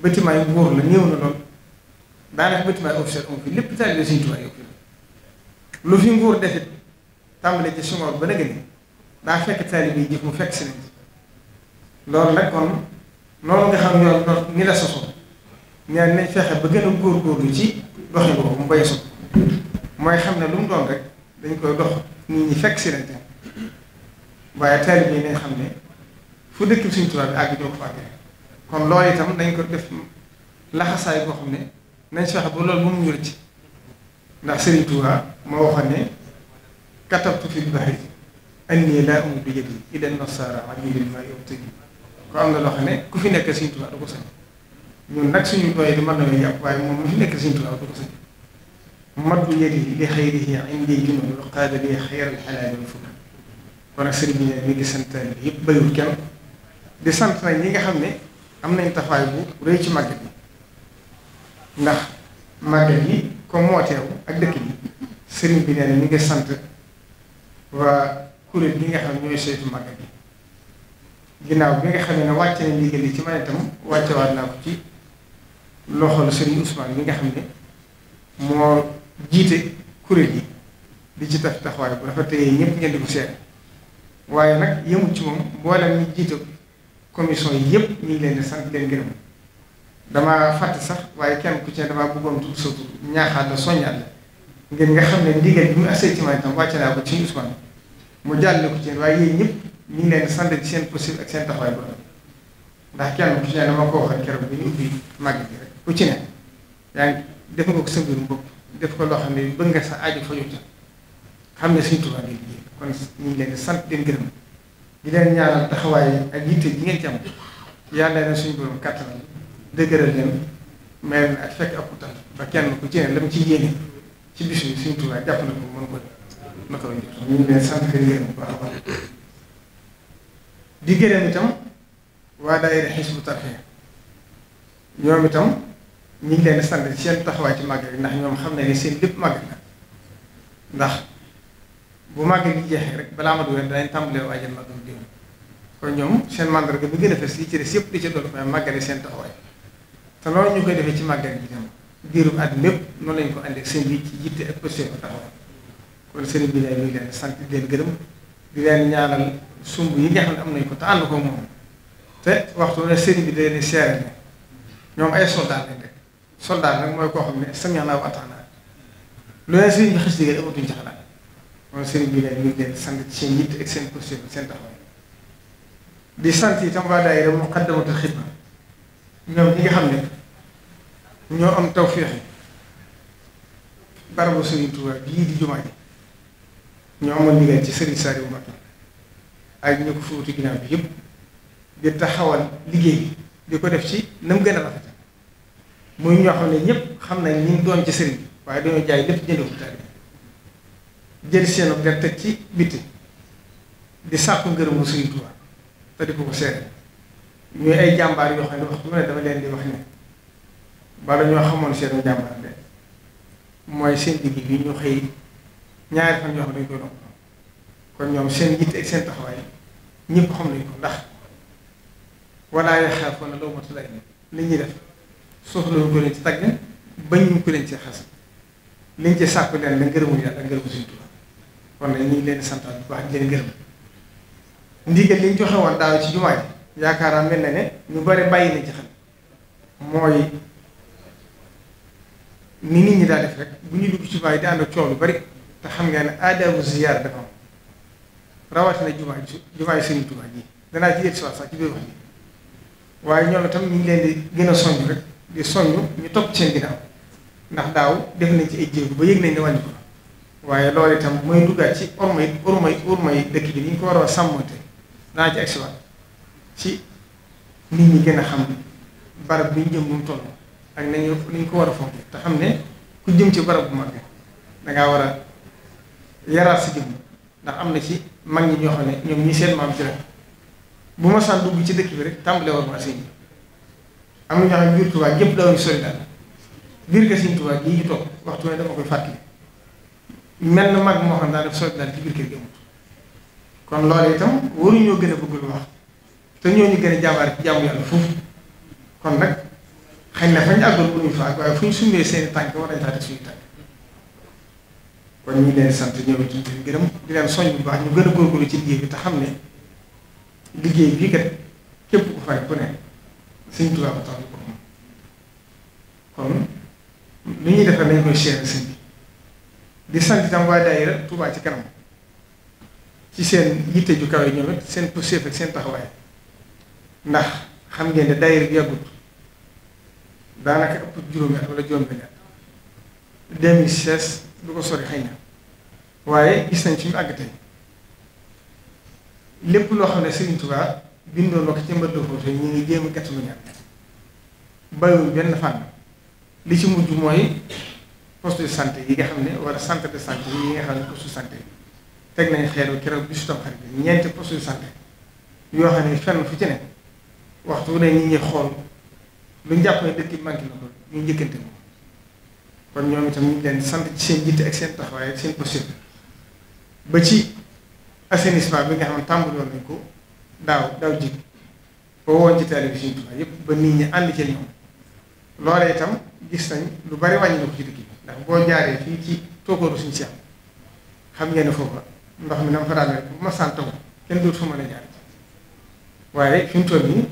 bâtiment yu buur la néew na lool daanaka bâtiment yi officiel amu fi lépp taalibe Sëriñ Tuubaa yokku lu nguur defit tàmbale ci sumoor ba nëgëni daa fekk taalibe yi jëf mu fekk si nañ loolu nag kon noonu nga xam yoon dox ni la soso ñaan nañ fexe ba gën a góorgóorlu ci doxi boobu mu bay sot mooy xam ne lu mu doon rek dañ koy dox nit ñi fekk si lañ waaye taalib yi nañ xam ne fu dëkk suñu tubaab bi àgg ñoo ko fàggee kon loolu itam dañ ko def laxasaay boo xam ne nañ fexe ba loolu moom ñu rëcc ndax Serigne moo waxoon ne katabtu fi bahri anni laa umu bi yadi ila nasara ajidil ma yubtini ko am na loo xam ne ku fi nekk Serigne Touba du ko sañ ñun nag suñu doy di mën nañu yàpp waaye moom mu fi nekk Serigne Touba du ko sañ مد يده بخيره عندي جمع القادة لي خير الحلال والفكر ونسر بي دي سنت يبايو الكم دي سنت ما ييغا خامني امنا انتفاي بو ري سي ماغي دي نخ ماغي دي كوم موتيو اك دك دي سيرين بي نين ميغا سنت وا كوري ديغا خامني نيو سيت ماغي دي ginaaw bi nga xamne wacce ni ligel ci ma itam wacce wat na ko ci loxol serigne ousmane bi nga xamne mo jiite kuréel yi di ci tax taxawaay bu rafetee ñëpp ngeen di ko seet waaye nag yëmu ci moom mboolem ñi jiite commission yi yëpp ñu ngi leen di sant leen gërëm damaa fàtte sax waaye kenn ku ci ne damaa bëggoon tudd sa tur ñaaxaat la soññaat la ngeen nga xam ne ndigal bi mu assee ci wàcce naa ko ci Ousmane mu jàll ko ci waaye yéen ñu ngi leen di seen possible ak seen taxawaay bu ndax kenn ku ci ne dama ko waxoon keroog bi ñu ubbi màgg bi rek ku ci ne yaa ngi def nga ko sa mbirum bopp def ko loo xam ne bëgg nga sa aajo faju ca xam ne suñ tubaab yi kon ñu ngi leen di sant di leen gërëm di taxawaay ak yitte ji ngeen ci am na suñu borom kàttanal dëgëral leen mel ak fekk ak ba kenn ku ci la mu ci yéene ci bis bi suñu tubaab jàpp na ko mën na ko ñu ngi leen sant di leen bu baax di gërëm itam waa daayira Hizbut Tarqiyyah ñoom itam. ñu ngi leen sant seen taxawaay ci màggal gi ndax ñoom xam ne ni seen lépp màggal la ndax bu màggal gi jeexee rek balaa ma dugal danañ tàmbalee waajal màggal démb kon ñoom seen màndarga bi gën a fes yi ci des yëpp di ci doon mooy màggale seen taxawaay te loolu ñu koy defee ci màggal gi tam diirub at lépp noonu lañ ko àndee seen bi ci yitte kon sëriñ bi daal ñu ngi sant di leen gërëm di leen ñaanal sumb yi nga xam ne am nañ ko te ànd ko moom te waxtu ne sëriñ bi day ne seere ñoom ay soldat lañ de soldat nag mooy koo xam ne samiha naa wa ataana lu leen sëriñ bi xas digal ak seen posture seen taxawaay di sant itam waa daayira Muqaddamatul Xidma ñoom ñi nga xam ne ñoo am tawféex barabu sëriñ Touba bii di jumaa ji ñoo amoon liggéey ci sëriñ Saliou Mbacké ak ñu ko fi wuti ginnaaw bi yëpp di taxawal liggéey bi di ko def ci na mu gën a rafet muy ñoo xam ne ñëpp xam nañ ñu doom ci sëriñ waaye dañoo jaay lépp jënd ko taalibe jël seenu der teg ci biti di sàkku ngërëmu Sëriñ Tuubaa te di ko ko seere ay jàmbaar yoo xam ne waxtu leen di wax ñoo xamoon seenu jàmbaar de mooy seen digg bi ñu xëy ñaari fan yoo xam ne dañ koy doon kon ñoom seen yitte ak seen taxawaay ñëpp xam nañ ko ndax walla yaxaafoona lawmata laa'im li ñuy def soxla wu ko leen ci tagg bañ ñu ko leen ci xas liñ ci sàkku leen la ngërëmu yàlla ak ngërëmu Sëriñ Tuubaa kon leen di sant bu baax di leen gërëm ndigal li ci jumaa ji yaakaaraam mel na ne ñu bare bàyyi nañ ci ni nit ñi daa bu ñu dugg ci yi di ànd lu bari te xam ne aadaabu ziyaar dafa am ji jumaa yi Sëriñ Tuubaa ji danaa ci yegg si waat sax ci wax ji waaye ñoom itam ñu leen di gën a soññ rek. di soññ ñu topp seen ginnaaw ndax daaw def nañ ci ay jéego ba yëg nañ ne wàññi ko waaye loolu itam mooy duggaat ci orma yi orma yi dëkk bi ni ñu ko war a sàmmante naa ci agsiwaat ci nit ñi gën a xam barab bi ñu jëm mu toll ak nañu ni ñu ko war a fonk te xam ne ku jëm ci barab bu mag da ngaa war a yaraat si jëm ndax am na ci mag ñi ñoo xam ne ñoom ñi seen maam ci bu ma saan dugg ci dëkk bi rek tàmbale war ma seen am na ñoo xam ne biir Tuubaa yëpp daaw ñu sori daal biir kër Sëñ Tuubaa gii toog waxtu ne dama koy fàttali mel na mag moo xam naa def sori daal ci biir kër gi kon loolu itam waruñoo gën a bëgg lu wax te ñooñu gën a jàmbaar ci yàlla foofu kon nag xëy na fañ àggoon bu ñu fa waaye fu ñu summee seen tànk war nañ faa suñu tànk kon ñu leen sant ñoom itam di leen gërëm di leen soñ bu baax ñu gën a góorgóorlu ci liggéey bi te xam ne liggéey bii kat képp ku fay ku ne sëñ Tuubaa ko tax ko moom kon li ñuy defar nañ koy seere sëñ bi di sant itam waa daayira Tuubaa ci kanam ci seen yitte ju kawe ñoom it seen pëseef ak seen taxawaay ndax xam ngeen ne daayira bi yàggut daanaka ëpp juróomi at wala juróom-benn at 2016 du ko sori xëy na waaye gis nañ ci mu àgg tey lépp loo xam ne Sëriñ Tuubaa bindoo na ko ca mbënd foofu ñu ngi jéem a gerte ñaar bàyyiwul benn fànn li ci mujj mooy poste de santé yi nga xam ne wala centre de santé yi nga xam ne poste de santé teg nañ xeeru keroog bi bi ñeenti poste de santé yoo xam ne fenn fu ci ne waxtu ne ñi ngi xool lu ñu jàpp ne dëkk yi na ko ñu njëkkante ko kon ñoom itam ñu ngi leen sant ci seen jiite ak seen taxawaay ak seen posture ba ci assainissement bi nga xam ne tàmbaloon nañ ko. daaw daaw jig ba woon ci taalibe Sëriñ Tuubaa yëpp ba ñu ñi ànd ci ñoom loolee itam gis nañ lu bari wàññi na ko ci dëkk bi ndax boo jaaree fii ci tookooru suñu seex xam ngeen ne ndox mi na mu fa daan rek bu ma saan taw kenn dootu fa mën a jaar waaye fi mu toll nii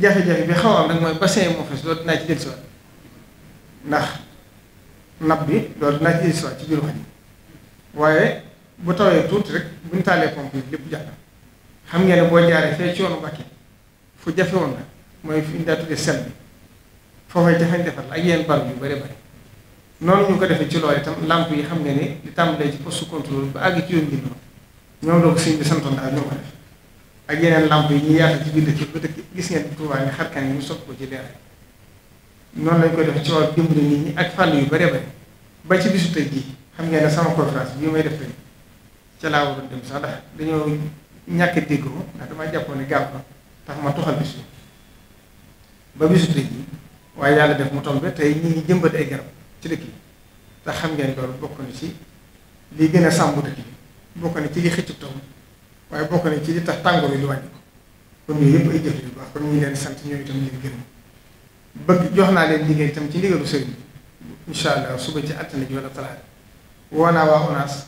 jafe-jafe bi xaw am nag mooy bassin moo fees loolu dinaa ci dellusiwaat ndax nap bi loolu dinaa ci dellusiwaat ci biir wax ji waaye bu tawee tuuti rek buñ taalee pompe yëpp lépp jàpp xam ngeen ne boo jaaree fee ci yoonu Mbàkke fu jafe woon nag mooy fi ñu daa tuddee sel bi foofee ca fañ defar la ak yeneen barab yu noonu ñu ko defee ci loolu itam làmp yi xam ngeen ne li tàmbalee ci poste contrôle ba àgg ci yoon bi ñoom doo ko sëñ bi santoon daal ñoo ko def ak yeneen làmp yi ñu yaata ci biir dëkk ba dëkk gis ngeen Tuubaa ni xarkaan yi ñu sopp ko ci leer noonu lañ koy def ci wàllu dimbali nit ak fàll yu bari bari ba ci bisu tey jii xam ngeen ne sama conférence bii may def te ca laa waroon dem sax ndax dañoo ñàkk dégg ko ndax damaa jàppoon ne gàll ko tax ma toxal bisu ba bisu tey yi waaye yàlla def mu tombe tey ñu ngi jëmbat ay garab ci dëkk yi te xam ngeen loolu bokk na ci li gën a sàmm dëkk yi bokk na ci li xëcc taw waaye bokk na ci li tax tàngoor yi lu wàññi ko kon yooyu yëpp ay jëf yu baax kon ñu ngi leen sant ñoo itam ñu ngi bëgg jox naa leen liggéey itam ci ndigalu sëriñ incha allah suba ci àttana ji wala talaat woo naa waa ONAS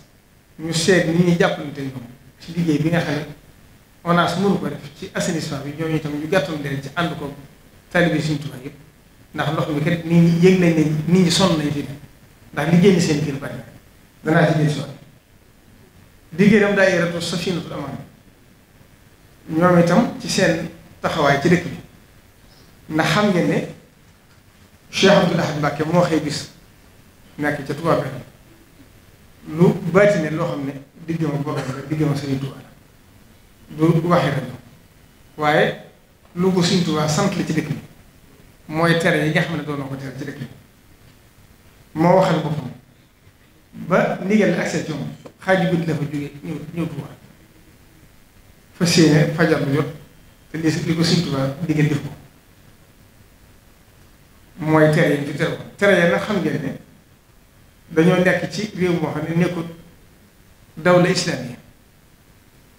ñu seet ni ñuy jàppalante ñoom ci liggéey bi nga xam ne ONAS mënu ko def ci assainissement bi ñooñu itam ñu gàttal leen ci ànd ko taalibe Sëriñ Tuubaa yëpp ndax ndox mi kat nit ñi yëg nañ ne nit ñi sonn nañ fi ndax li génn seen kër bari danaa ci jël si itam ci seen taxawaay ci dëkk bi ndax xam ngeen ne Cheikh Abdoul Ahad Mbacké moo xëy bis nekk ca Touba benn lu baati ne loo xam ne. diggam ak borom la diggam ak Sëriñ Tuubaa la du waxi rek waaye lu ko Sëriñ Tuubaa sant la ci dëkk bi mooy tere yi nga xam ne doon na ko tere ci dëkk bi moo waxal boppam ba ndigal la accès ci moom xaaju guddi la fa jógee ñëw ñëw Tuubaa fas yéene fajar lu jot te li li ko Sëriñ Tuubaa digal def ko mooy tere yi fi tere ko tere yi nag xam ngeen ne dañoo nekk ci réew moo xam ne nekkut la dawla islaamiya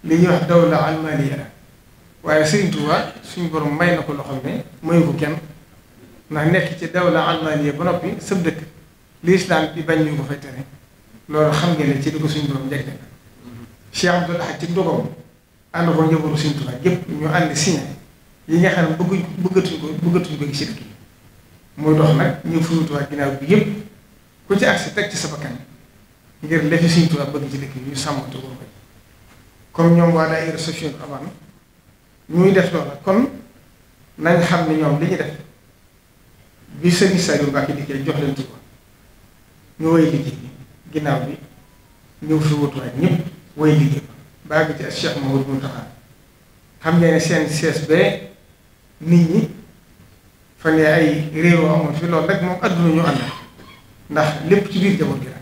li ñuy wax dawla almaliya la waaye Sëriñ Tuubaa suñu borom may na ko loo xam ne mayu ko kenn ndax nekk ci daw dawla almaliya ba noppi sëb dëkk li islam bi bañ ñu ko fay tere loolu xam nga ne ci di ko suñu borom njëkk na Cheikh Abdoul Ahad ci dogoom ànd ko njabootu Sëriñ Tuubaa yépp ñu ànd signé yi nga xam ne bëgguñ bëggatuñ ko bëggatuñ ko gis dëkk yi muy dox nag ñu furutuwaat ginnaaw bi yépp ku ci agsi teg ci sa ngir lefi Sëriñ bëgg ci dëkk bi ñu sàmm ko góor comme ñoom waa daayira Safinatul Amaan ñuy def loola kon nañ xam ne ñoom li ñu def bi sëriñ Saliou Mbacké dikkee jox leen ci ko ñu woy liggéey ginnaaw bi ñëw fi wutuwaay ñëpp woy liggéey ba bàyyi ci ak Cheikh Mamadou Mountakha xam ngeen ne seen CSB nit ñi fa ne ay réew amoon fi loolu rek moom adduna ñu ànd ndax lépp ci biir jamono gi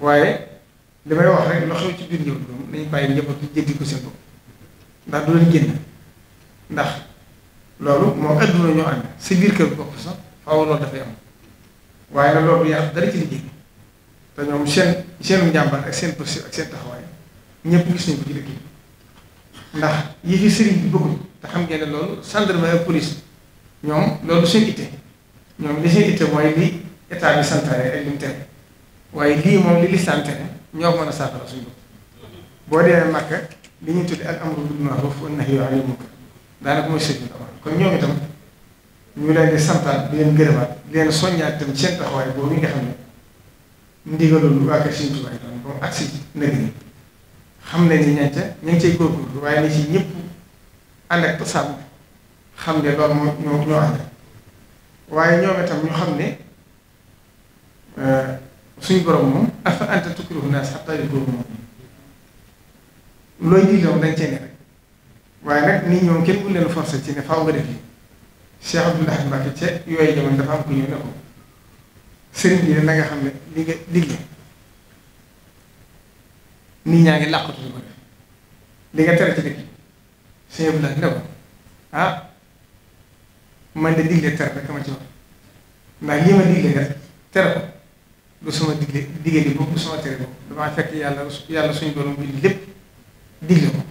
waaye li may wax rek lu xew ci biir njaboot moom nañ bàyyi ñëpp bi jéggi ko seen bopp ndax du leen génn ndax loolu moo adduna ñoo ànd si biir kër bopp sax faaw am waaye nag loolu yàq dara ci liggéey ñoom seen seen njàmbaar ak seen posture ak seen taxawaay ñëpp gis nañ ko ndax yi fi te xam ngeen ne loolu gendarmerie ak police ñoom li seen itte mooy li état bi santaane ak li mu waaye lii moom li lislaam tere ñoo mën a saafara suñu bopp boo demee Makka li ñu tuddee al amru bil maaruf wa nahyu anil ko daanaka mooy sëñ bi kon ñoom itam ñu leen di santaat di leen gërëmaat di leen soññaat itam seen taxawaay boobu nga xam ne ndigalul waa kër Sëñ Tuubaa itam ba mu agsi nag ni xam nañ ni ña ca ña ngi cay góorgóorlu waaye ni ci ñëpp ànd ak tasaab xam ne loolu moo ñoo ñoo ànd waaye ñoom tam ñu xam ne. Euh, suñu borom moom afa anta tukrihu naas xataa yu'minu moom looy digle moom dañ cee ne rek waaye nag nit ñoom kenn bu leen forcé ci ne faaw nga def lii Cheikh Abdoul Ahad Mbacké yooyu jamono dafa am ku ñëw nga xam ne li nga digle nit ñaa ngi làqatu di ko def li nga tere ci dëkk Cheikh Abdoul ne ko ah, man de digle tere rek ma ci wax ndax lii ma digle nga tere ko. du sama digle diggali boobu du sama tere boobu damaa fekk yàlla yàlla suñu borom bi lépp digle ko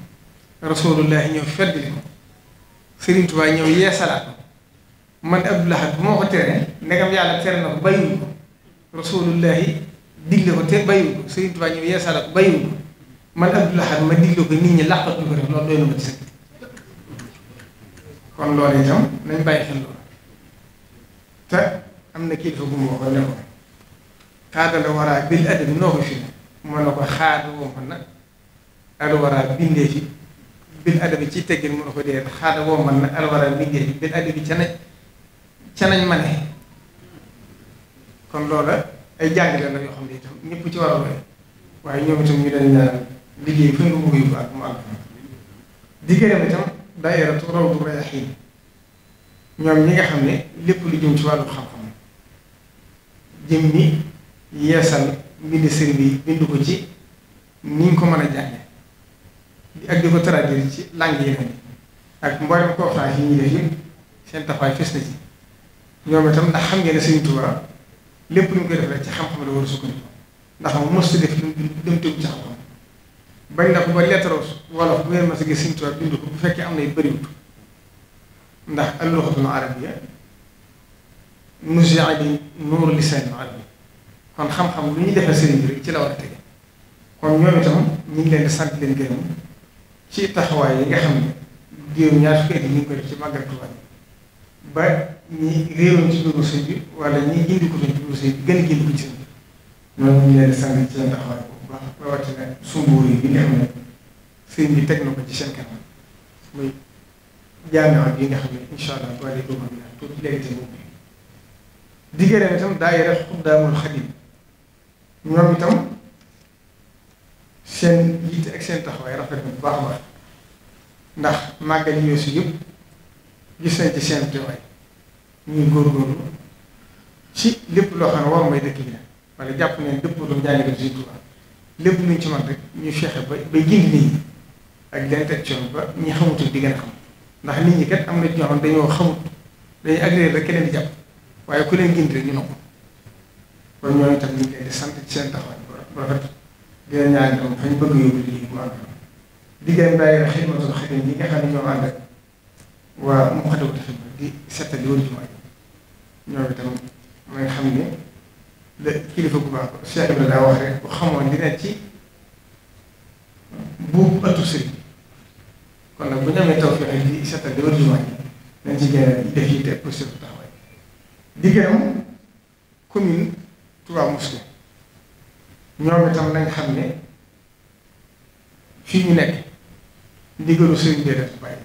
rasulullah ñëw feddli ko Sëriñ Tuubaa ñëw yeesalaat ko man Abdul Ahad bu ma ko teree ndegam yàlla tere na ko bàyyiwul ko rasulullahi digle ko te bàyyiwul ko Sëriñ Tuubaa ñëw yeesalaat ko bàyyiwul ko man Abdul Ahad ma digle ko nit ñi làqatu ko rek loolu doy na ma ci kon loolu itam nañ bàyyi xel loolu te am na kilifa bu mu waxoon ne ko haaɗo nde wara bil adami no ko fina mono ko haaɗo won honna aɗa wara bindeeji bil adabi ci teggel mun ko dee haaɗo won manna aɗa wara bindeeji bil adabi canañ canañ mane kon loola ay jàngale la yoo xam ne itam ñëpp ci war a roy waaye ñoom itam ñu leen ñaan liggéey fu ñu bëgg yu baax mu àgg diggéeyam itam daayiratu rawdu rayaxiin ñoom ñi nga xam ne lépp lu jëm ci wàllu xam-xam jëm ni yeesal mbindi sëriñ bi bind ko ci niñ ko mën a jànge di ak di ko traduire ci langue yeneen ak mboolem conférence yi ñuy def yi seen taxawaay fes na ñoom itam ndax xam ngeen ne Sëriñ Tuubaa lépp lu mu koy def rek ci xam-xam la war a sukkandiku mu mos def lu dem ci xam na ko ba lettre wolof bu ngeen gis Sëriñ Tuubaa ko bu fekkee am na yu ndax al-lughatu al-arabiyya nuzi'a bi nuur lisaanil kon xam-xam lu ñu defal sëriñ bi rek ci la war a tege kon ñoom itam ñu ngi leen di sant leen gërëm ci taxawaay yi nga xam ne diiru ñaar fukki at yi ñu ngi koy def ci màggal Tuubaa ba ñi réewoon ci biiru sëñ bi wala ñi gindi ko ci biiru sëñ bi gën a gindi ko ci sëñ bi ñoom ñu ngi leen di sant ci seen taxawaay bu baax rawatina sumbuur yi bi nga xam ne sëriñ bi teg na ko ci seen kanam muy jaanaaw bi nga xam ne incha allah bu wàllu góob bi la tuuti léegi te mu ubbi diggante itam daayira Xuddaamul Xadim ñoom itam seen yitte ak seen taxawaay rafet bu baax a baax ndax màggal yi weesu yëpp gis nañ ci seen teewaay ñuy góorgóorlu ci lépp loo xam ne war may dëkk bi la wala jàpp neen dëpp doon jàngale Sëriñ Tuubaa lépp luñ ci man rek ñu fexe ba ba jindi nit ak leen teg coono ba ñi xamutul di gën a xam ndax nit ñi kat am na ñoo xam dañoo xamut dañuy agréé rek keneen di jàpp waaye ku leen gindi rek ñu nopp kon ñooñu tam ñu ngi di sant ci seen taxawaay bu rafet di leen ñaan itam fañ bëgg yóbbu liggéey bu na xidmatul ñi nga xam ne ñoom ànd ak waa mu xatawu di seetal yoonu jumaa ji ñoom itam ma nga xam ne la kilifa gu baax Cheikh Ibrahima daa wax rek bu xamoon li ne ci buubu ëttu sëriñ kon nag bu ñu amee tawfeex di seetal yoonu jumaa ji nañ ci génne def yi te positif taxawaay diggéenam commune Touba Mosquée ñoom itam nañ xam ne fii ñu nekk ndigalu sëriñ bi def bàyyi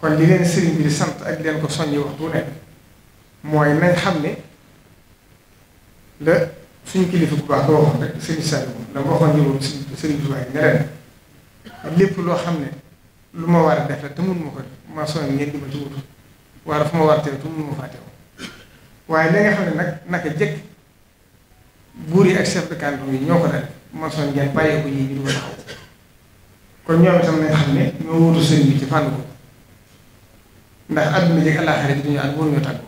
kon li leen sëriñ bi di sant ak leen ko soññi wax bu nekk mooy nañ xam ne la suñu kilifa bu baax ba waxoon rek sëriñ Saliou moom dama waxoon ñëwoon sëriñ bi waaye ne ren lépp loo xam ne lu ma war a def te mun ma ko def ma soññ ngeen ma ci waaye dafa a teew te mun xam ne nag naka jëkk buur yi ak chef de canton yi ñoo ko def Mansour Ndiaye bàyyee ko ñii ñu dugal taxaw kon ñoom itam nañ xam ne ñoo wutu sëriñ bi ci fànn ko ndax àdduna jëkk a ji duñu ànd woon ñu tàggu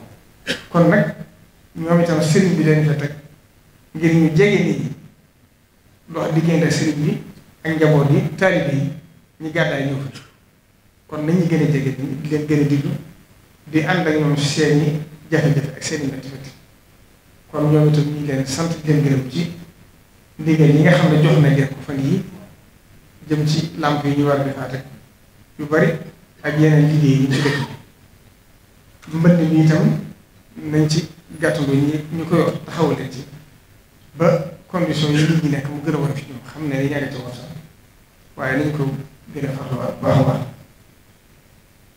kon nag ñoom itam sëriñ bi leen fa teg ngir ñu jege nit ñi dox diggante bi ak njaboot yi taalibe yi ñu gàddaay ñëw fa kon nañu gën a jege di leen gën a diglu di ànd ak ñoom seeni jafe-jafe ak seeni métti kon ñoom itam ñu leen sant di leen gërëm ci ndigal yi nga xam ne jox nañ leen ko fan yi jëm ci làmp yi ñuy war a defaat ak yu bari ak yeneen liggéey yi ñu ci dëkk mbënd mi itam nañ ci gàttandu ñi ñu ko taxawu leen ci ba condition yi nit ñi nekk mu gën a war fi ñoom xam ne ñaari ci war sax waaye nañ ko gën a farluwaat baax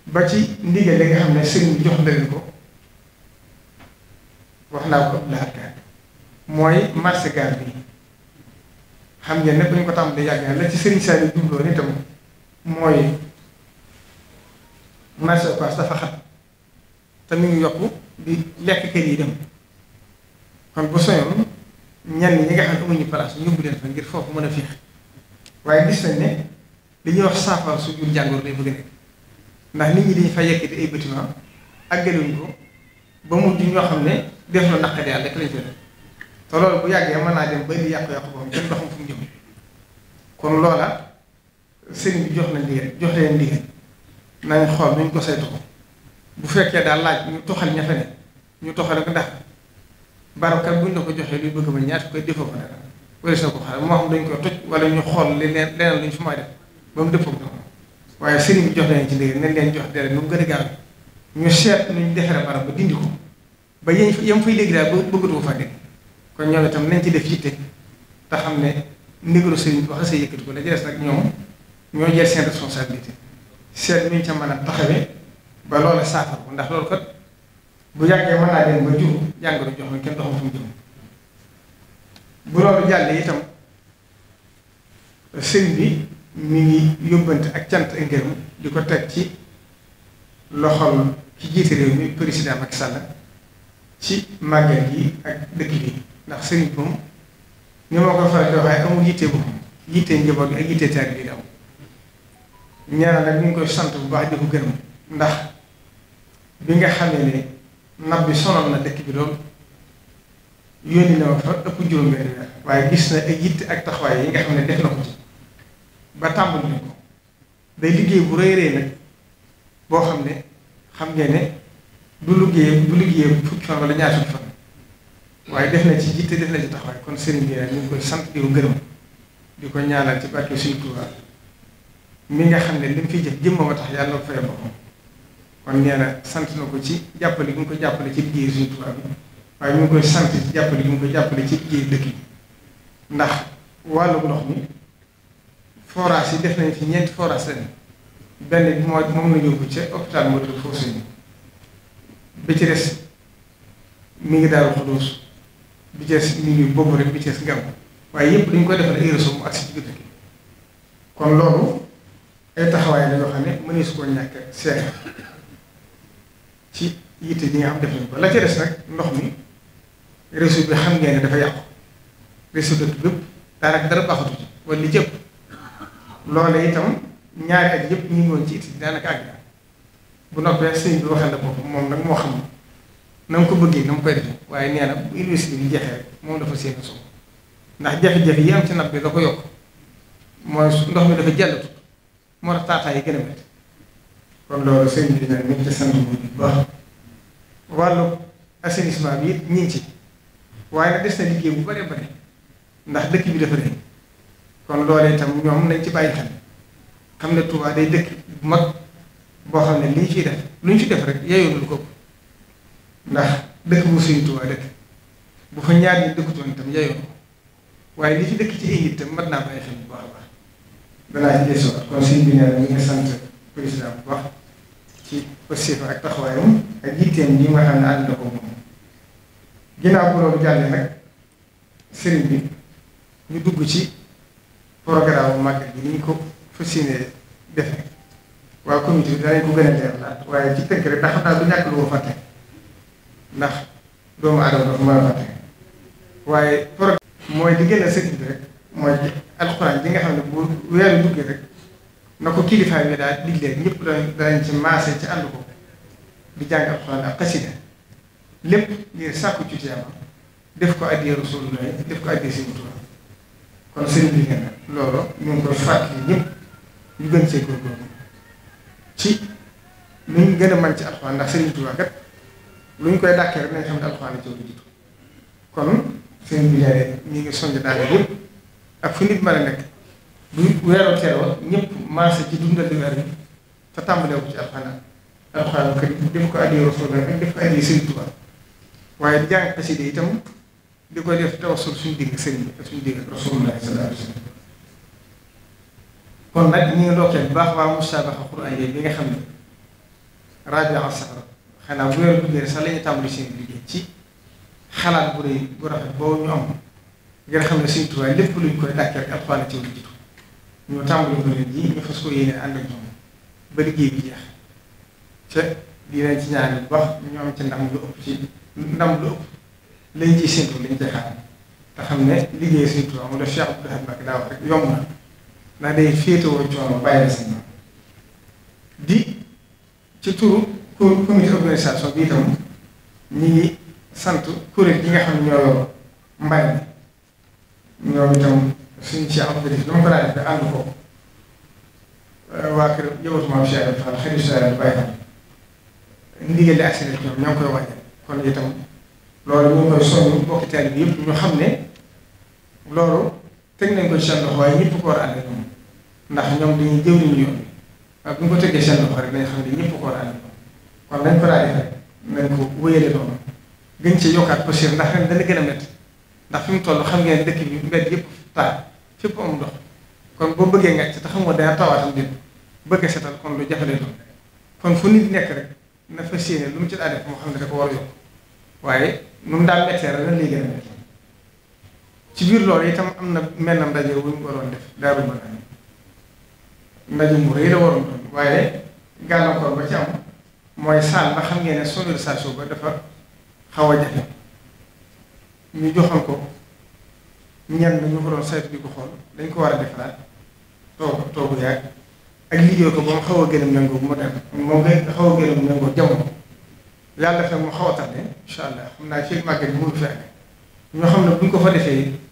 ba ci ndigal li nga xam ne sëriñ bi jox na leen ko wax naa ko la mooy marché gaar bi xam ngeen ne bu ñu ko tàmbalee yàgg na la ci Serigne Saliou jubloo ni tam mooy marché Ocass dafa xat te mu ngi di lekk kër yi dem kon bu soñoon ñenn ñi nga xam ne amuñu place yóbbu leen fa ngir foofu mën a fiix waaye gis nañ ne li ñuy wax saafara su jur jàngoor day bëgg nekk ndax nit ñi dañu fa yekkati ay bâtiment àggaluñ ko ba mu di ñoo xam ne def na naqari yàlla rek lañ koy def te loolu bu yàggee man naa dem ba indi yàqu-yàqu boobu kenn doxam fu mu jëm kon loola sëriñ bi jox na ndigal jox leen ndigal nañ xool nuñ ko saytu bu fekkee daal laaj ñu toxal ña ñu toxal ko ndax barabkat buñ la ko joxee luy bëgg ba ñaata koy defoo ko dara moo xam dañ koy wala ñu xool li leen leneen luñ fi may def ba mu dëppoo waaye sëriñ jox leen ci ndigal nañ leen jox dara nu mu a gaaw ñu seet nuñ defaree barab ba dindi ko. ba yéen yam fay dégg daal bëggatu faa dégg kon ñoom itam nañ ci def yitte te xam ne ndigalu sëriñ a wax sa yëkkati ko la jeex nag ñoom ñoo jël seen responsabilité seet ñu ca mën a taxawee ba loola saafara ko ndax loolu kat bu yàggee mën naa dem ba jur jàngoro jox ma kenn doxam fu mu jëm bu loolu jàllee itam sëriñ bi mi ngi yóbbante ak cant ak di ko teg ci loxol ci jiite réew mi président Macky Sall ci màggal gi ak dëkk bi ndax sëriñ bi ni ma ko faral di waxee amul yitte bu yitte njaboot gi ak yitte taal bi am ñaar nag ñu ngi koy sant bu baax di ko gërëm ndax bi nga xam ne nab bi sonal na dëkk bi lool yónni na ma fa ëpp juróom-benn waaye gis na ay yitte ak taxawaay yi nga xam ne def na ko ci ba tàmbali na ko day liggéey bu rëy rëy nag boo xam ne xam ngeen ne. bu liggéeyee bu liggéeyee fukki fan wala ñaar fukki fan waaye def na ci jiite def na ci taxawaay kon sëriñ bi ñu ngi koy sant di ko gërëm di ko ñaanal ci barke suñu Tuubaa mi nga xam ne li mu fiy jëf tax yàlla na ko kon nee na sant na ko ci jàppale gi mu ko jàppale ci liggéey suñu Tuubaa bi waaye mi ngi koy sant jàppale gi mu ko jàppale ci liggéey dëkk yi ndax wàllu ndox mi forage yi def nañ fi ñeenti forage lañ benn bi moo moom la yóbbu ca hôpital Matlaboul Fawzeyni bi ci des mi ngi Daaru Xudoos bi ci des mi ngi boobu rek bi ci waaye yépp dañ koy defal ay réseau mu agsi ci dëkk kon loolu ay taxawaay la yoo xam ne mënees koo ñàkk seet ci yitte ji nga xam def nañ ko la ca des nag ndox mi réseau bi xam ngeen ne dafa yàqu réseau dëkk bépp daanaka dara baaxatu ci wala li jëpp loole itam ñaari at yëpp ñu ngi ci it daanaka àgg na bu noppee sëñ bi waxal la boppam moom nag moo xam na mu ko bëggee na mu koy waaye nee na bu université bi jeexee rek moom dafa seen so ndax jafe-jafe yi ci nab bi da ko yokk ndox mi dafa jàllatu moo tax taataay yi bi ñu ngi ci sant bu ci waaye nag bu bëree bëri ndax dëkk bi dafa rëy kon loolee itam ñoom nañ ci bàyyi xel xam ne Touba day dëkk bu mag. boo xam ne li ñu ciy def lu ñu ci def rek yeyoo lu ko ndax dëkk bu Sëriñ Tuubaa dëkk bu fa ñaar ñi dëkkutoon itam yeyoo waaye li ci dëkk ci ay itam mat naa bàyyi xel bu baax a baax président bu baax ci pëstéefam ak taxawaayam ak yitteem yi nga xam ne ànd na ko moom ginnaaw bu loolu jàllee nag bi ñu dugg ci programme màggal gi ni ñu ko fas yéenee defe waa comité bi daañu ko gën a leeralaat waaye ci tënk rek ndax xam naa du ñàkk lu ma ndax doomu aadama dafa mën a fàtte waaye problème mooy li gën a sëñ bi rek mooy alxuraan bi nga xam ne bu weeru duggee rek na ko kilifa bi daal digle ñëpp danañ ci maase ci ànd ko di jàng alxuraan ak xasida lépp ngir sàkku ci tiyaaba def ko addiya Rasulullaah def ko addiya Sëñ Tuubaa kon sëñ bi na loolu ñu ngi koy fàttali ñëpp ñu gën see góorgóorlu ci niñ gën a mën ci alxuraan ndax Serigne Touba kat luñ koy dàkkee rek nañ xam ne alxuraan ci lu jiitu kon seen bi ñu ngi sonj daal yëpp ak fu nit mën a nekk bu weeru teewa ñëpp maase ci dundal di weer bi te tàmbalee ko ci alxuraan alxuraan kër def ko addi Rasulullah ak def ko addi Serigne Touba itam di ko def tawassul suñu digg Serigne suñu digg Rasulullah sallallahu alayhi wa sallam kon nag ñu ngi ndokkee bu baax waa musaabaqa quraan bi nga xam ne rajo safara xanaa bu weer guddee sax la ñuy seen liggéey ci xalaat bu rëy bu rafet boobu ñu am nga xam ne Sëriñ Tuubaa lépp luñ koy dàkkee ci lu jiitu ñu tàmbali ko leen ji ñu fas ko yéene ànd ak ñoom ba ñu am ndam lu ëpp ci ndam lu ëpp lañ ciy séntu lañ cay xaar te xam ne liggéey Sëriñ Tuubaa mu def Cheikh Abdou Lahad Mbacké daa wax rek yomb na. ndax day féetewoo coono bàyyi la seen di ci turu co comité organisation bi itam ñu sant kuréel gi nga xam ne ñoo yor mbay mi ñoom itam suñu ci am def dama ko daan def ànd ko euh, waa kër yowatu maam Cheikh Ibra Fall xarit Cheikh Baye Fall ndigal li ak seen ñoom ñoo koy waajal kon itam loolu ñu ngi koy soññ bokki taalibe bi yëpp ñu xam ne loolu. teg nañ ko seen loxo waaye ñëpp ko war a ànd ndax ñoom dañuy jëw ni ñu yoon waaye bu ñu ko tegee seen loxo rek dañ xam ne ñëpp ko war a ànd kon nañ ko daal di rek nañ ko wéyale noonu gën yokkaat ko seen ndax ren dana gën a ndax fi mu toll xam ngeen dëkk bi mbedd yëpp taa fépp am ndox kon boo bëggee nga ci te xamoo dana tawaatam déet bëgg setal kon lu jafalee doon kon fu nit nekk rek na fas yéene lu mu ci daal def moo xam ne da ko war a yokk waaye nu mu daal méttee rek lan lay gën a ci biir loolu itam am na mel na ndaje bu ñu waroon def daaru mën a ndaje mu rëy la waroon doon waaye gàllankoor ba ci am mooy saal ba xam ngeen ne sonorisation ba dafa xaw a jafe ñu joxoon ko ñenn ñu ko doon saytu di ko xool dañ ko war a defaraat toog toogu yàgg ak liggéey ko ba mu xaw a gën a méngoo bu ma dem moom nga xaw a gën a méngoo jamono yàlla dafa mu xaw a tardé allah xam naa ci màgg bi mënu fi ñoo xam ne buñ ko fa defee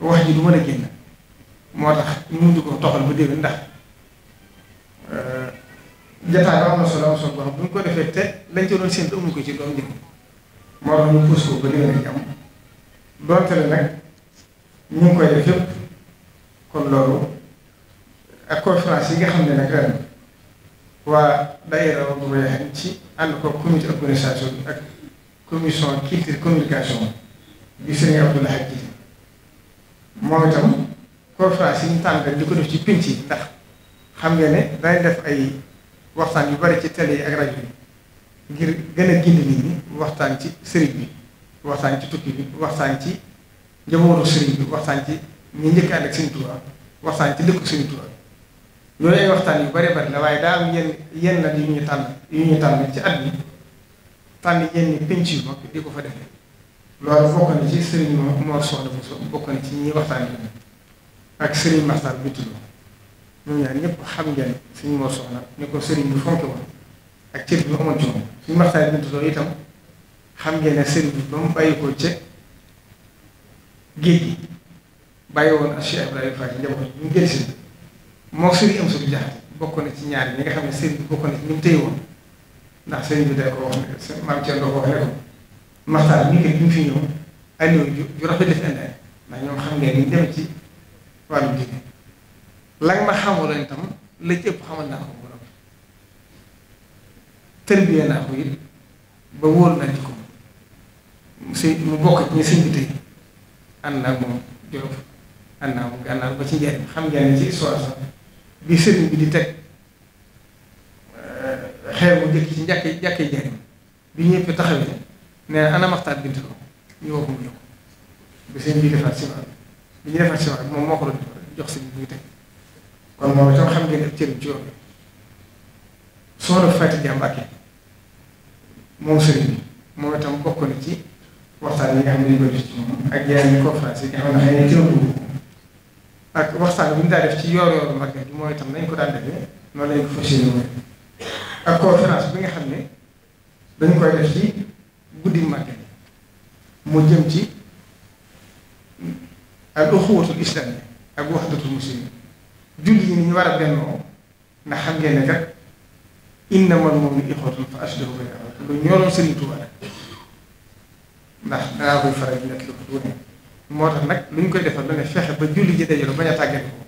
wax ji du mën a génn moo tax ñu mujj ko toxal ba déwén ndax euh, jataay ba am solo am solo boo xam bu ñu ko defee te lañ ci doon sént amuñ ko ci doom njëkk moo tax ñu puus ko ba ne nag ñu ngi koy def yëpp kon loolu ak conférence yi nga xam ne nag ren waa daayira ci ànd ko comité organisation bi ak commission culture communication bi Serigne Abdoulaye jiite moom itam conférence yi ñu tànn di ko def ci pinc yi ndax xam nga ne dañ def ay waxtaan yu bari ci télé yi ak rajo yi ngir gën a gindi nit ñi waxtaan ci sëriñ bi waxtaan ci tukki bi waxtaan ci njabootu sëriñ bi waxtaan ci ñu njëkk ànd ak Sëriñ Tuubaa waxtaan ci dëkku Sëriñ Tuubaa yooyu ay waxtaan yu bari bari la waaye daa am yenn yenn la yu ñu tànn yu ñu tànn ci at bi tànn yenn pinc yu mag di ko fa defee. loolu bokk na ci Serigne Mor Soxna Bousso bokk na ci ñi waxtaan ak Serigne Makhtar bi tudd ñoom ñaar ñëpp xam ngeen Serigne Mor Soxna ne ko Serigne bi fonk woon ak cër bi amoon ci moom Serigne Makhtar bi tudd itam xam ngeen ne Serigne bi ba mu bàyyi ko ca géej gi bàyyi woon ak Cheikh Ibrahima Fall njaboot ñu gën si moo Serigne am suñu jaxat bokk na ci ñaar ñi nga xam ne Serigne bi bokk na ci ñu mu téye woon ndax Serigne bi day ko wax ne maam Thierno ko wax ne ko. Maxtaar mi ngi fi ñëw Aliou ju ju rafet def indi ñoom xam ngeen ni dem ci wàllu diine la nga ma xamaloon itam la ci xamal naa ko borom tërbiyee naa ko it ba wóor naa ci ko si mu bokk ci ñu sëñ bi tey ànd naa moom Jolof ànd naa moom gànnaar ba ci njëriñ xam ngeen ne ci histoire sax bi sëriñ bi di teg eh, xeer bu njëkk ci njàkkee njàkkee njëriñ bi ñëpp taxawee. nee na ana maxtaar bint loo ñu woo bi defaat bi bi moom moo ko jox sëñ bi muy teg kon moom itam xam ngeen ak cëriñ ci yoon bi ci waxtaan yi nga xam ne ñu koy yi nga xam ne xëy na cëriñ boobu ak waxtaan bi ñu daa def ci yoor yooru bi mooy itam nañ ko daan defee ak conférence bi nga xam ne dañ koy def ci guddi màggal mu jëm ci al uxuwatul islaami ak waxdatul muslimin julli yi ni ñu war a bennoo ndax xam ngeen ne kat innamal mu'minuuna ixwatun fa aslihu bayna axawaykum loolu ñoo doon Sëriñ Tuubaa nag ndax danaa koy faral di nekk lu ko wone moo tax nag lu ñu koy defal da nga fexe ba julli ji dajaloo bañ a tàggate ko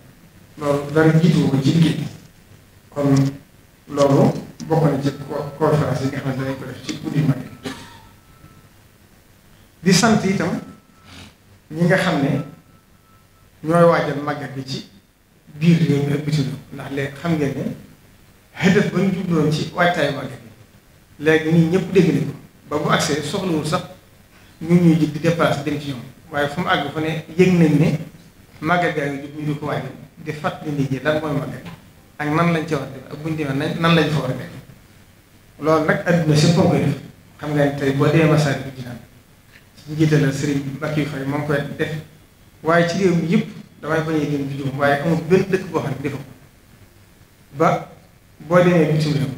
loolu dara jiitu ko ci liggéey kon loolu bokk na ci conférence yi nga xam ne danañ ko def ci guddi màggal di sant itam ñi nga xam ne ñooy waajal màggat bi ci biir réew mi ak ndax léegi xam ngeen ne xëdëf ba ñu jubloon ci waajtaayu màggat bi léegi nii ñëpp dégg nañ ko ba bu agsee sax ñu ñuy jig di déplacer dem waaye fu mu àgg fa ne yëg nañ ne màggat gaa ngi jub ñu di ko waajal di fàttali nit ñi lan mooy màggat ak nan lañ ci war def ak bu ñu nan lañ fa war a def loolu nag adduna si ponk def xam nga ne tey boo demee masaar bi dinaan njiital la sëriñ Mbacke Faye moo ngi koy def waaye ci réew mi damay bañ a gën waaye amul benn dëkk boo xam ne defu ba boo demee bitim réew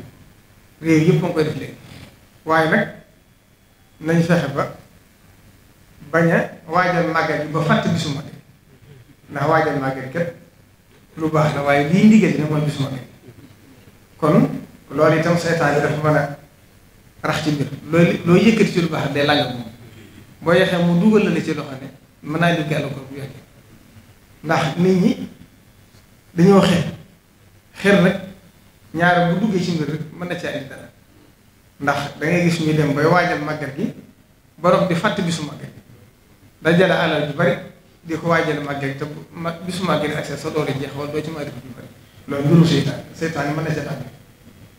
réew yëpp moo koy def léegi waaye nag nañ fexe ba bañ a waajal màggal bi ba fàtte bisu mag ndax waajal màggal kat lu baax la waaye lii ndigal dina mooy bisu mag kon loolu itam seytaan yi dafa mën a rax ci mbir loolu loo yëkkati ci lu baax day làngal moom boo yeexee mu dugal la ci loxo ne mën naa indi ko bu yàggee ndax nit ñi dañoo xeer xeer nag ñaar bu duggee ci mbir rek mën na caa indi dara ndax da gis ñuy dem bay waajal màggal gi borom di fàtt bisu màggal gi dajale alal ju bari di ko waajal màggal gi te bu ma bisu màggal gi accès sa doole jeex wala doo ci mën a def lu bari loolu mbiru seytaan seytaan mën na ca tàggat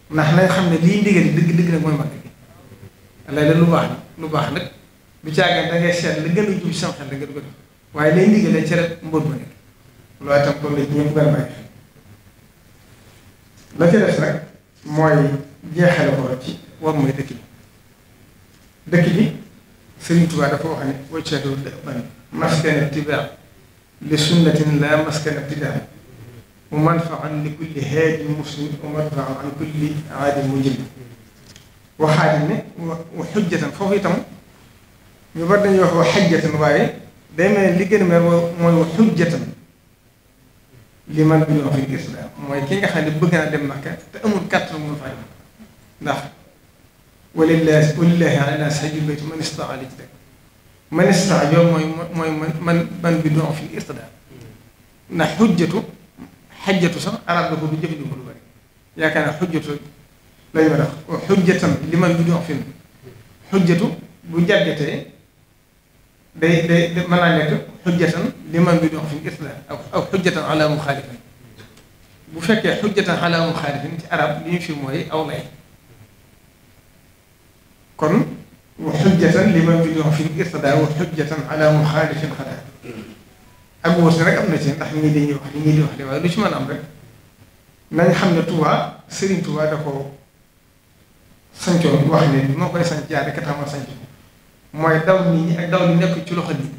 ndax nañ xam ne lii ndigal dëgg dëgg nag mooy màggal gi la lu baax lu baax nag. du caagin da ngay seet la gën a jub sam xel da nga dugal waaye lay ndigalee ci rek mbóot ba nekk loolu itam kon la ñëpp gën a bàyyi la ca des nag mooy jeexale ko ci war mooy dëkk bi dëkk bi Sëriñ Tuubaa dafa wax ne wacceetu ban maskana tibaa li sunnatin la maskana tibaa wa manfaan li kulli haadi muslim wa manfaan an kulli aadi mujrim waxaati ne wa xujjatan foofu itam يبرد يحو حجة واي دائما لجن ما ما حجة لمن بلغ في الإسلام ما يكين خل بقنا دم مكة تأمر كتر من فاهم نح ولله ولله على الناس حج البيت من استطاع لجده من استطاع يوم ما ما من من بلغ في الإسلام نحجة حجة سر أرادوا بجبل بلغ يا كان حجة لا يبلغ وحجة لمن بلغ في حجة بجدته day day mën naa nekk xujjatan li man bi dox fi islam aw xujjatan ala muxaalifin bu fekkee xujjatan ala muxaalifin ci arab li ñu fi mooy aw lay kon wa xujjatan li man bi dox fi irtada wa xujjatan ala muxaalifin xada ak wóor si rek am na ci ndax ñii dañuy wax li ñii di wax li waaye lu ci mën am rek nañ xam ne Touba Serigne Touba da ko sancoon wax ne moo koy sanc jaare katama sancoon moy daw ñi ak daw ni nek ci loxo nit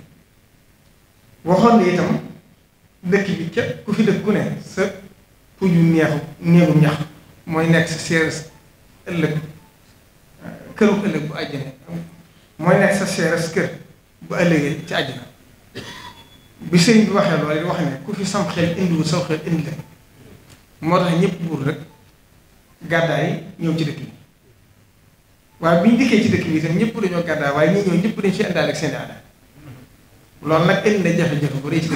waxon ni itam dëkk bi képp ku fi dëkk ku ne sa puju neex néegu ñax moy nek sa seeres ëlëk këru ëllëg bu àjjana moy nek sa seeres kër bu ëllëgee ci àjjana bi sëñ bi waxee loolu wax ne ku fi sam xel indi wu saw xel indi la motax ñëpp bur rek gaday ñëw ci dëkk waaye bi ñu dikkee ci dëkk bi itam ñëpp dañoo gàddaa waaye ñi ñëw ñëpp dañ ci àndaale loolu nag indi na jafe-jafe bu dëkk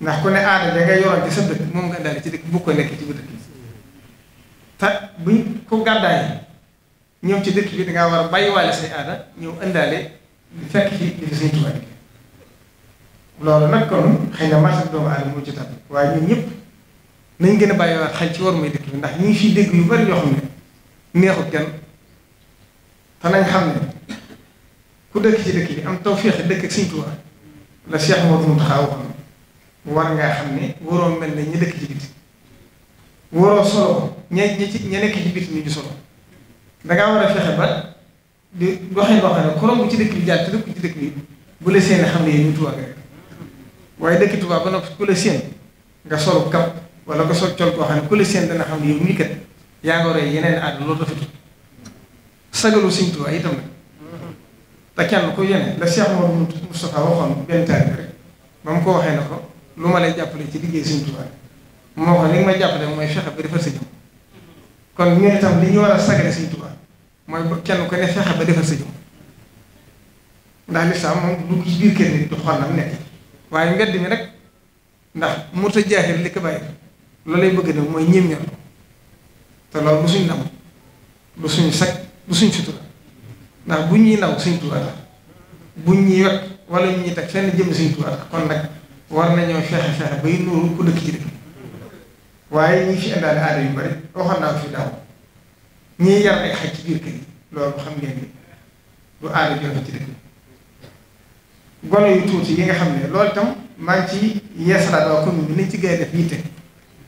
ndax ku ne da ngay yoroon ci sa dëkk moom nga ci dëkk bu ko nekk ci bu dëkk bi te buñ ko gàddaay ñëw ci dëkk bi dangaa war a bàyyiwaale say aada ñëw àndaale di ci di fi yi nag xëy na marché doomu moo ci tab waaye ñun ñëpp nañ gën a bàyyiwaat xel ci war mooy bi ndax ñu ngi fiy dégg yu bari yoo xam ne neexut kenn te xam ne ku dëkk ci dëkk bi am tawféex dëkk ak Sëñ Tuubaa la Cheikh Modou Mountakha waxoon war ngaa xam ne waroo mel ne ñi dëkk ci biti waroo solo ña ñi ci ña nekk ci biti ñu ngi dangaa war a fexe ba di doxee loo xam ne ku romb ci dëkk bi jàll te dëkk ci dëkk bi bu la seen xam ne yéen ñu Tuubaa rek waaye dëkk Tuubaa ba noppi ku seen nga solo kap wala nga sol col koo xam ne ku seen dana xam ne yow nii kat yaa nga roy yeneen aada loolu rafetul sagalu seigne touba itam nag te kenn ko yene la Cheikh Mouhamadou Moustapha waxon ben taalibe rek bam ko waxe nako luma lay jappale ci liggéey seigne touba mo wax li ma jappale moy mooy fexe ba defar sa kon ñun itam li ñu wara a sagale sëñ Tuubaa mooy kenn ko ne fexe ba defal seigne jëm ndax lislaam moom du ci bir kenn du xol na mu waye ngedd mi rek ndax murta jaaxir lik baye lolay bëgg na moy ñéem ñor te lolou musuñ suñ nam lu suñu du suñ sutura ndax buñ ñuy naw suñ Tuubaa la buñ ñuy wet wala ñu ñuy teg fenn jëm suñ Tuubaa la kon nag war nañoo fexe fexe bay nuuru ku dëkk ci dëkk waaye ñi fi indaale aada yu bari waxoon naa ko fi daaw ñii yar ay xaj ci biir kër yi loolu xam ngeen ni lu aada joxe ci dëkk bi gone yu tuuti yi nga xam ne loolu tam maa ngi ci yeesalaat waa commune bi nañ ci gën a def yitte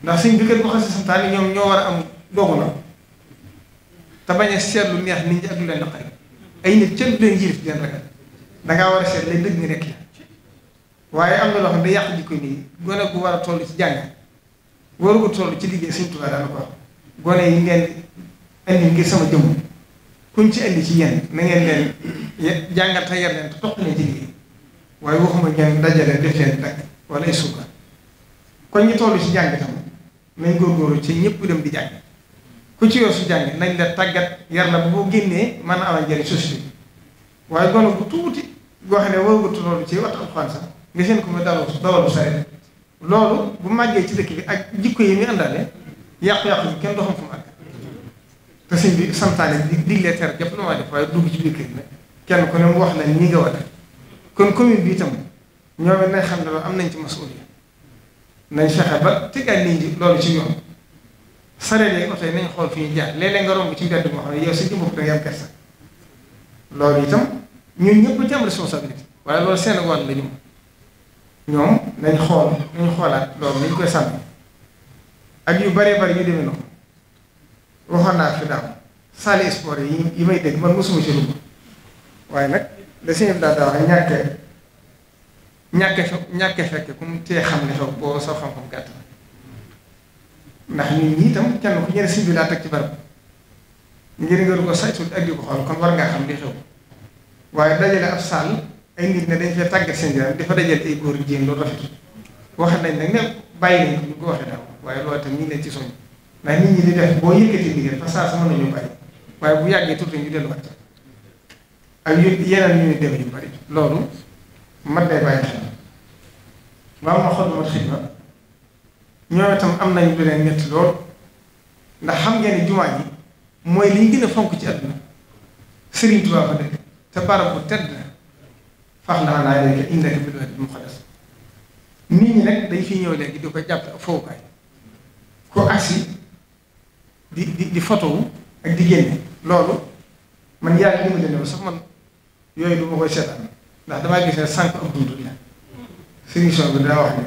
ndax suñ bi kër ko xas santaane ñoom ñoo war a am dogu la te bañ a neex nit ñi ak lu leen naqari ay nit ci du leen yilif di leen ragal dangaa war a seet lay dëgg ni rek waye am na lox xam yaq yàq jikko nii gone gu war a ci jàng waru ko tollu ci liggéey Sëñ da na ko gona yi ngeen andi ngir sama jëm kuñ ci andi ci yéen na kan, kan, ya, ngeen leen jàngal ta yar leen te ni leen ci liggéey waaye waxuma ngeen dajale def leen tak wala isuka kon ñu tollu ci jàng tam gor góorgóorlu ci ñepp dem di jàng ku ci yor su jàngi nañ la tàggat yar la boo génnee mën a amal njëriñ société bi waaye gone bu tuuti goo xam ne woo gutu loolu ci waxtu alxuraan sax seen ko mu dawal dawalu sareet loolu bu màggee ci dëkk bi ak jikko yi muy àndaale yàqu-yàqu bi kenn doo xam fu mu àgg te sëñ bi santaane di diglee ter jàpp na maa def dugg ci biir kër gi kenn ku ne wax na ni nga war kon commune bi itam ñoom it xam ne am nañ ci masuuliya nañ fexe ba tegaat nit ñi loolu ci yoon saree yi oto yi nañ xool fi ñuy jaar léeg-léeg nga romb ci mbedd moo xam ne yow sa jëm bopp da nga am kersa loolu itam ñun ñëpp ci am responsabilité waaye loolu seen wàll la jëm ñoom nañ xool nañ xoolaat loolu nañ koy sàmm ak yu bëree bëri yu demee noonu waxoon naa fi daaw salle sport yi yi may dégg man mosuma ci dugg waaye nag la sëñ bi daal daa wax ñàkk ñàkk fe ñàkk fekke ku xam ne xew boo soo xam-xam ndax ñun ñii itam kenn ku ñëwee sëñ bi laa ci barab ngir ngeen ko saytu ak di xool kon war ngaa xam li xew waaye dajale ab saal ay nit ne dañ fee tàggat seen yaram dafa dajale ay góor jigéen loolu rafet wax nañ nag ne ñu ko waxee daaw waaye loolu itam ñu ci soññ ndax nit ñi di def boo yëkkati ndigal fa waaye bu yàggee tuuti ñu delluwaat ak yeneen yu ñu yu bari loolu mat day bàyyi xel waaw ma xool mat xidma ñoo tam am nañu lu leen métti lool ndax xam ngeen ne jumaa ji mooy liñ gën a fonk ci àdduna Sëriñ Tuubaa fa dëkk te barab bu tedd fax naa laa léegi indi ak bidon dañ fi ñëw léegi di ko jàpp ak fowukaay ko agsi di di di ak di génne loolu man yàlla li ma dene sax man yooyu du ma koy seetaan ndax damay gis ne sànq ab dund la solution bi daa wax ne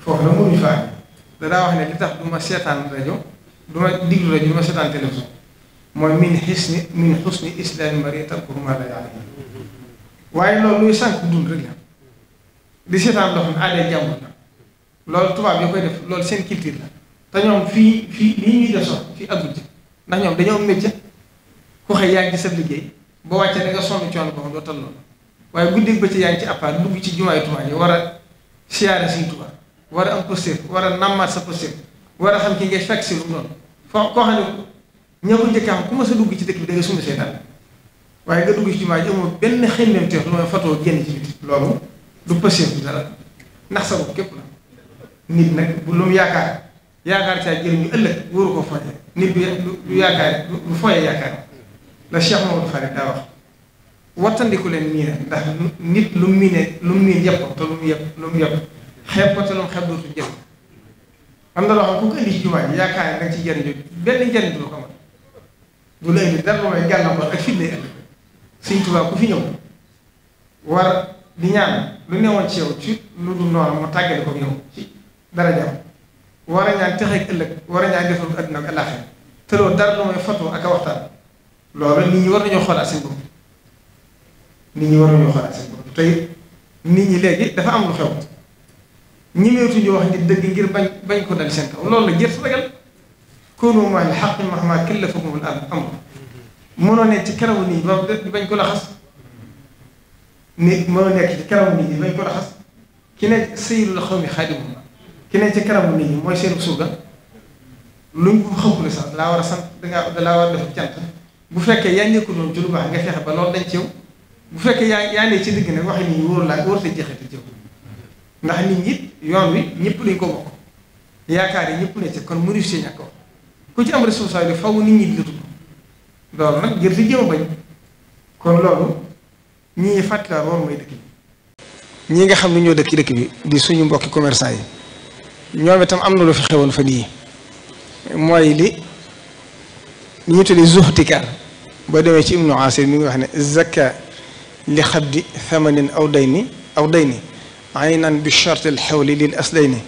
foofu la mënuñu faa danaa wax ne li tax duma seetaan rajo du ma diglu rajo du ma seetaan télévision mooy min ni min xusni islaami mari tarkuhu maa laa ya'lam waaye loolu luy sànq dund rek la di seetaan loo xam ne aaday jàmbur la loolu tubaab yi koy def loolu seen culture la te ñoom fii fii lii ñuy def soxla fii àggul ci ndax ñoom dañoo am métier ku xëy yaa ngi ci liggéey boo wàccee da nga sonn coono boo xam doo tal loolu waaye guddi bëccëg yaa ngi ci appart dugg ci jumaay Tuubaa yi war a siyaare Sëriñ war a am posture war a sa posture war xam ki ngay fekk si lu mu doon foo koo xam ne ña ko njëkk xam ku ma sa dugg ci dëkk bi da nga sumb say waaye nga dugg ci jumaa ji benn xemmem teef lu mooy fatoo génn ci biti loolu du posture bi dara sa bopp képp nit lu yaakaar yaakaar caa jëriñu ëllëg wóoru ko fooye nit du yaakaar du fooye yaakaar daa wax wattandiku leen miine ndax nit lu mu miine lu mu miin yëpp te lu mu yëpp lu mu yëpp xeeb ko te lu mu xeeb dootul jël am na loo xam ku ko indi ci jumaa yaakaar ne danga ci jëriñ benn njëriñ du la ko mën du la indi dara mooy gàllankoor ak fitna ñëw war lu newoon ci yow ci lu dul noonu mu tàggale ko ci dara jàmm war a ñaan texe ak ëllëg war a ñaan defaru adduna ak àllaaxira te loolu dara lu mooy foto ak a waxtaan loolu nit ñi war nañoo xoolaat seen bopp nit ñi war nañoo xoolaat seen bopp te nit ñi léegi dafa am lu xew ñemeetuñu wax ngi dëgg ngir bañ bañ ko dal seen kaw loolu la jër ragal kóonoo ma xaqi mahma kallafakumul amr mënoo ne ci karaw nii ba di bañ ko laxas ni mënoo nekk ci karaw nii di bañ ko laxas ki ne sayyidul xawmi xaadimu ki ne ci karamu nit ñi mooy seen surga luñ ko xamul sax laa war a sant dangaa dalaa war a def cant bu fekkee yaa nekkul noonu ci lu baax nga fexe ba loolu dañ ci yow bu fekkee yaa yaa ne ci digg nag wax ni wóor laa wóor te jeexati ci yow ndax nit ñi yoon wi ñëpp dañ ko bokk yaakaar yi ñëpp ne ci kon mënu si ñàkk ku ci am responsabilité faw nit ñi di la tudd loolu nag jër si jéem bañ kon loolu ñi ñuy fàttaliwaat loolu mooy dëkk bi. ñi nga xam ne ñoo dëkk ci dëkk bi di suñu mbokki commerçant yi ñoom itam am na lu fi xewoon fan yii mooy li ñu tuddee zuhtikaar boo demee ci Ibnu Asir mi ngi wax ne zakka li xabdi thamanin aw dayni aw dayni aynan bi shart al xawli lil asdayni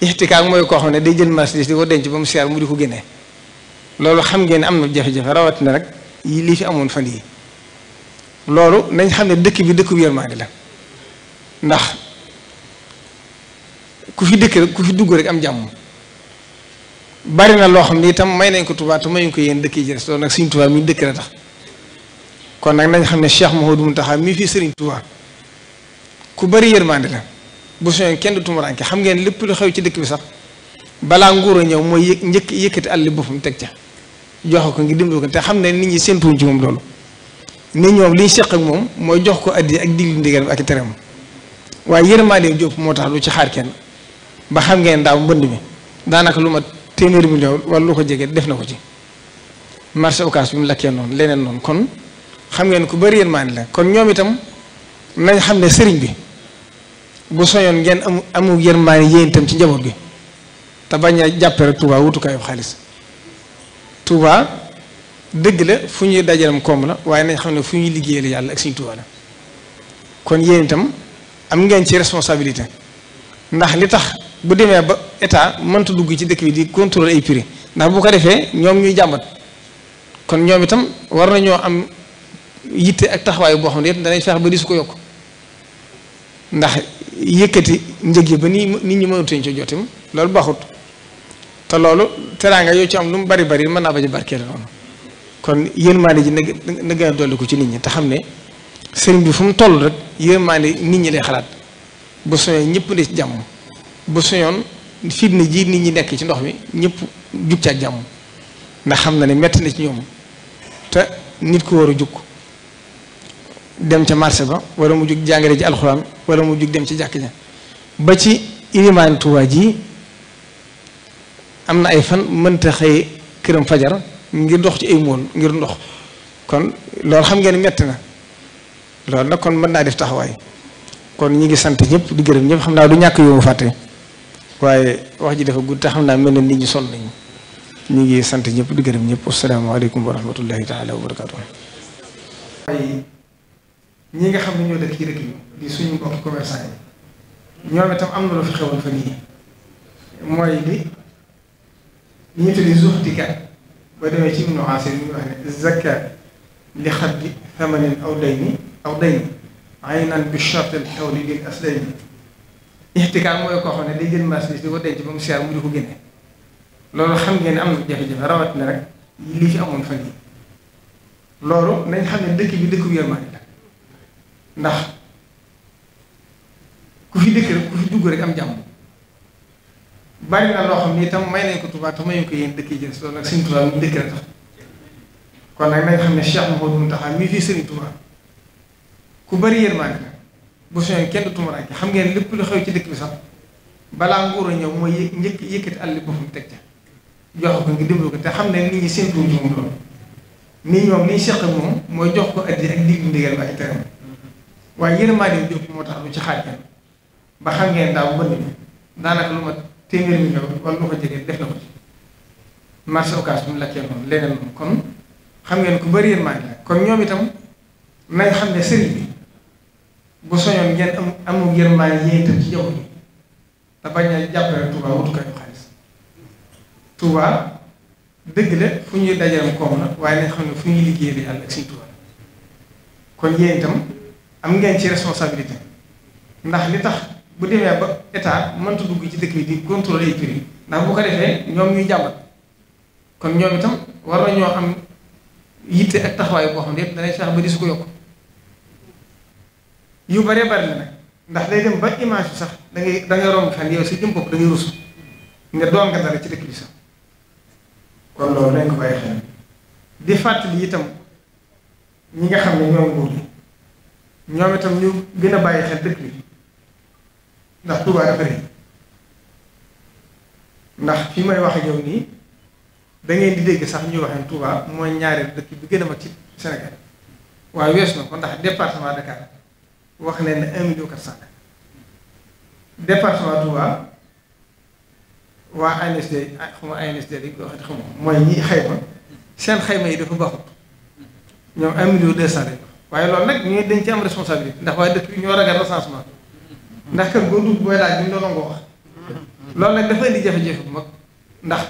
ixtikaak mooy koo xam ne day jël marchandise di ko denc ba mu seer mu di ko génne loolu xam ngeen am na jafe-jafe rawatina rek yi lii fi amoon fan yi loolu nañ xam ne dëkk bi dëkk bu yërmaande la ndax ku fi dëkk rek ku fi dugg rek am jàmm bari na loo xam ne itam may nañ ko Tuubaa te mayuñ ko yéen dëkk yi jëres loolu nag Sëriñ Tuubaa mi dëkk la tax kon nag nañ xam ne moo Mouhamadou Mountakha mii fii Sëriñ Tuubaa ku bari yërmande la bu soñoon kenn du tumuraanke xam ngeen lépp lu xew ci dëkk bi sax balaa nguur a ñëw mooy yëg njëkk yëkkati àll boppam teg ca joxe ko ngi dimbali ko te xam ne nit ñi séentuwuñ ci moom loolu nit ñoom li ñu seq ak moom mooy jox ko addi ak diglu ndigal ak i teram waaye yërmande jóob moo tax lu ci xaar kenn ba xam ngeen daaw mbënd mi daanaka lu ma téeméeri million wala lu ko jege def na ko ci marché occas bi mu lakkee noonu leneen noon kon xam ngeen ku bari yërmande la kon ñoom itam nañ xam ne sëriñ bi bu soñoon ngeen am amul yërmaane yéen itam ci njaboot gi te bañ a jàppe rek wutukaayu xaalis Touba dëgg la fu ñuy dajaram koom la waaye nañ xam ne fu ñuy liggéeyal yàlla ak suñu Touba la kon yéen itam am ngeen ci responsabilité ndax li tax bu demee ba état mënta dugg ci dëkk bi di contrôler ay ndax bu ko defee ñoom ñuy jàmbat kon ñoom itam war nañoo am yitte ak taxawaay boo xam ne it danañ feex ba di su ko yokk ndax yëkkati njëg yi ba nii nit ñi mënatuñ ci jotim loolu baxut te loolu teraanga yoo ci am lu mu bari bari mën naa ba ci barkeel noonu kon yërmaande ji na gën a dolli ko ci nit ñi te xam ne sëriñ bi fu mu toll rek yërmaande nit ñi lay xalaat ba soñoon ñëpp ne ci jàmm ba soñoon fitna ji nit ñi nekk ci ndox mi ñëpp jug ca jàmm ndax xam na ne metti na ci ñoom te nit ku war a jug dem ca marché ba wala mu jug jàngale ji alxuraan wala mu jug dem ci jàkk ja ba ci ilimaan Tuubaa ji am na ay fan mënta xëy këram fajar ngir dox ci ay mool ngir ndox kon loolu xam ngeen metti na loolu nag kon mën naa def taxawaay kon ñi ngi sant ñëpp di gërëm ñëpp xam naa du ñàkk yu mu waaye wax ji dafa gudd te xam naa mel na nit ñi sonn nañu ñu ngi sant ñëpp di gërëm ñëpp asalaamaaleykum wa rahmatullahi taala wa barakaatu ñi nga xam ne ñoo dëkk ci dëkk yi di suñu mbokk commerçant yi ñoom itam am na lu fi xewal fan yii mooy li li ñu tuddee zuxtikat ba demee ci Ibnu Asiir ñu wax ne zakka li xaddi thamanin aw dayni aw dayni aynan bi shart al xawli lil aslayni ixtikaar mooy koo xam ne day jël marchandise di ko denc ba mu seer mu di ko génne loolu xam ngeen ne am na jafe-jafe rawatina rek lii fi amoon fan yii loolu nañ xam ne dëkk bi dëkk bu yërmande ndax ku fi dëkk rek ku fi dugg rek am jàmm bari na loo xam ne itam may nañ ko Tuubaa te mayuñ ko yéen dëkk yi jël si loolu nag Sëriñ Tuubaa mu dëkk la tax kon nag nañ xam ne Cheikh Mouhamadou Mountakha mii fii Sëriñ bari yërmande bu soñoon kenn du tumuraanke xam lépp lu ci dëkk bi sax balaa nguur ñëw mooy yë njëkk yëkkati jox ko te xam ne moom loolu nii ñoom liñ seq moom mooy jox ko addi ak diggu ndigal ba ak waaye yërmaande bi moo tax ci xaajal ba xam ngeen daaw mbënd mi daanaka lu ma téeméer million wala lu ko jege def na ko ci marché occas bu mu lakkee noonu leneen moom kon xam ngeen ku bëri yërmaande la kon ñoom itam nañ xam ne sëriñ bi bu soñoon ngeen am amul yërmaande yéen itam ci jaww ji te bañ a jàppale Touba wutukaayu xaalis Touba dëgg la fu ñuy dajaram koom na waaye nañ xam ne fu ñuy liggéeyee di yàlla ak suñu Touba kon yéen itam. am ngeen ci responsabilité ndax li tax bu demee ba état mënta dugg ci dëkk bi di contrôler prix ndax boo ko defee ñoom ñuy jàmbat kon ñoom itam war na ñoo am yitte ak taxawaay boo xam ne yëpp danay fexe ba di su ko yu bare bari ndax day dem ba image bi sax da ngay da ngay romb fan jëm bopp da ngay rus nga doon nga dara ci dëkk bi sax kon loolu dañ ko bàyyi xel di fàttali itam ñi nga xam ne ñoom nguur ñoom itam ñu gën a bàyyi xel dëkk bi ndax Touba dafa rëy ndax fi may wax yow nii da ngeen di dégg sax ñuy wax ne Touba mooy ñaareel dëkk bi gën a mag ci Sénégal waaye weesu na ko ndax département de Dakar wax nañ ne un million quatre cent département Touba waa ANSD xuma ANSD dañ ko waxee xuma mooy ñi xayma seen xayma yi dafa baaxut ñoom un million deux cent lañ waaye loolu nag ñooy dañ ci am responsabilité ndax waaye dëkk bi ñoo ragal recensement ndax kër goo dugg booy laaj duñ la nangoo wax loolu nag dafa indi jafe-jafe bu mag ndax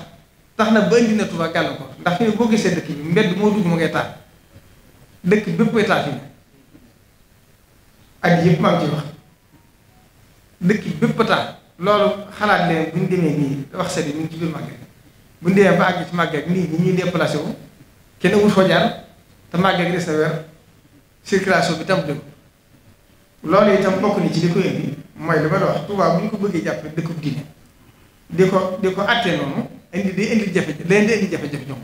tax na ba indi na Tuuba gàllankoor ndax fi gisee dëkk bi mbedd moo dugg mu ngay taal dëkk bépp yëpp maa ngi ciy wax dëkk bépp taal loolu xalaat leen bu demee nii wax sëriñ ñu ngi ci biir màggal bu ñu demee ba àgg ci màggal nii ñuy déplacé wu kenn wut foo te màggal gi des circulation bi tam dëgg loolu itam bokk ni ci li ko indi mooy li ma wax Tuubaa bu ñu ko bëggee jàpp dëkk bu diine di ko di ko àttee noonu indi day indi jafe-jafe day indi jafe-jafe ñoom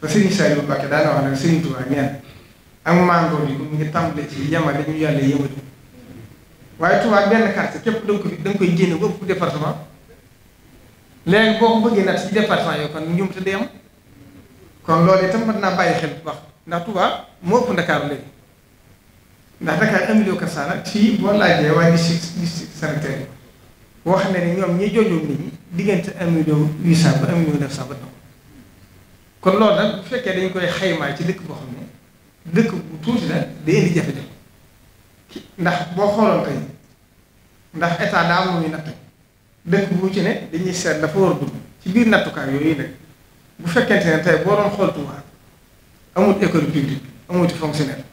te Serigne Saliou Mbacké daana wax ne Serigne Touba ñeen ak mango bi mu ngi tàmbale ci yemale ñu yàlla yëngu waaye tubaab benn quartier képp da ko da nga koy génne ba ëpp département léegi boo ko bëggee natt ci département yooyu kon ñoom te day am kon loolu itam mën bàyyi xel bu baax ndax moo ëpp Dakar léegi ndax Dakar un million quatre cent la fii boo laajee waa district district sanitaire yi wax na ñi jojoon nit diggante un million huit cent ba un million neuf kon loolu nag bu fekkee dañ koy xaymaa ci dëkk boo xam ne dëkk bu tuuti la day indi jafe-jafe ndax boo xooloon tey ndax état daa dëkk bu ci ne dañuy seet dafa war a ci biir nattukaay yooyu nag bu fekkente ne tey boo doon xool Tuubaa amul école publique. amul ci fonctionnaire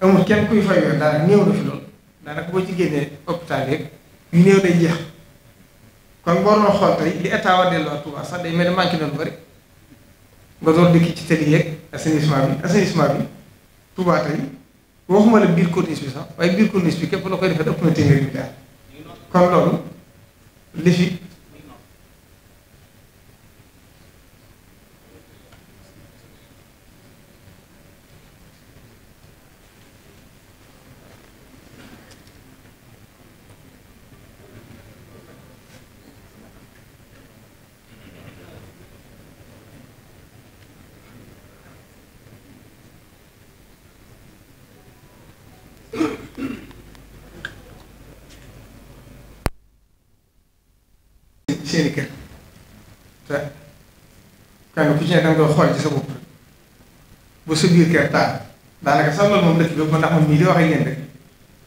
amul kenn kuy fay weer daanaka néew na fi loolu daanaka boo ci génnee hôpital yu néew day jeex kon boo doon xool tey li état war delloo Touba sax day mel ma manqué na lu bëri ci tëli yeeg bi assainissement bi Touba tey la biir corniche bi sax waaye biir corniche bi képp la koy defee ëpp na téeméeri milliard kon loolu li fi seeni kër te kenn ku ci ne danga koy xool ci sa bopp bu sa biir kër taal daanaka sax loolu moom dëkk bi ba ndax man mii di wax ak yéen rek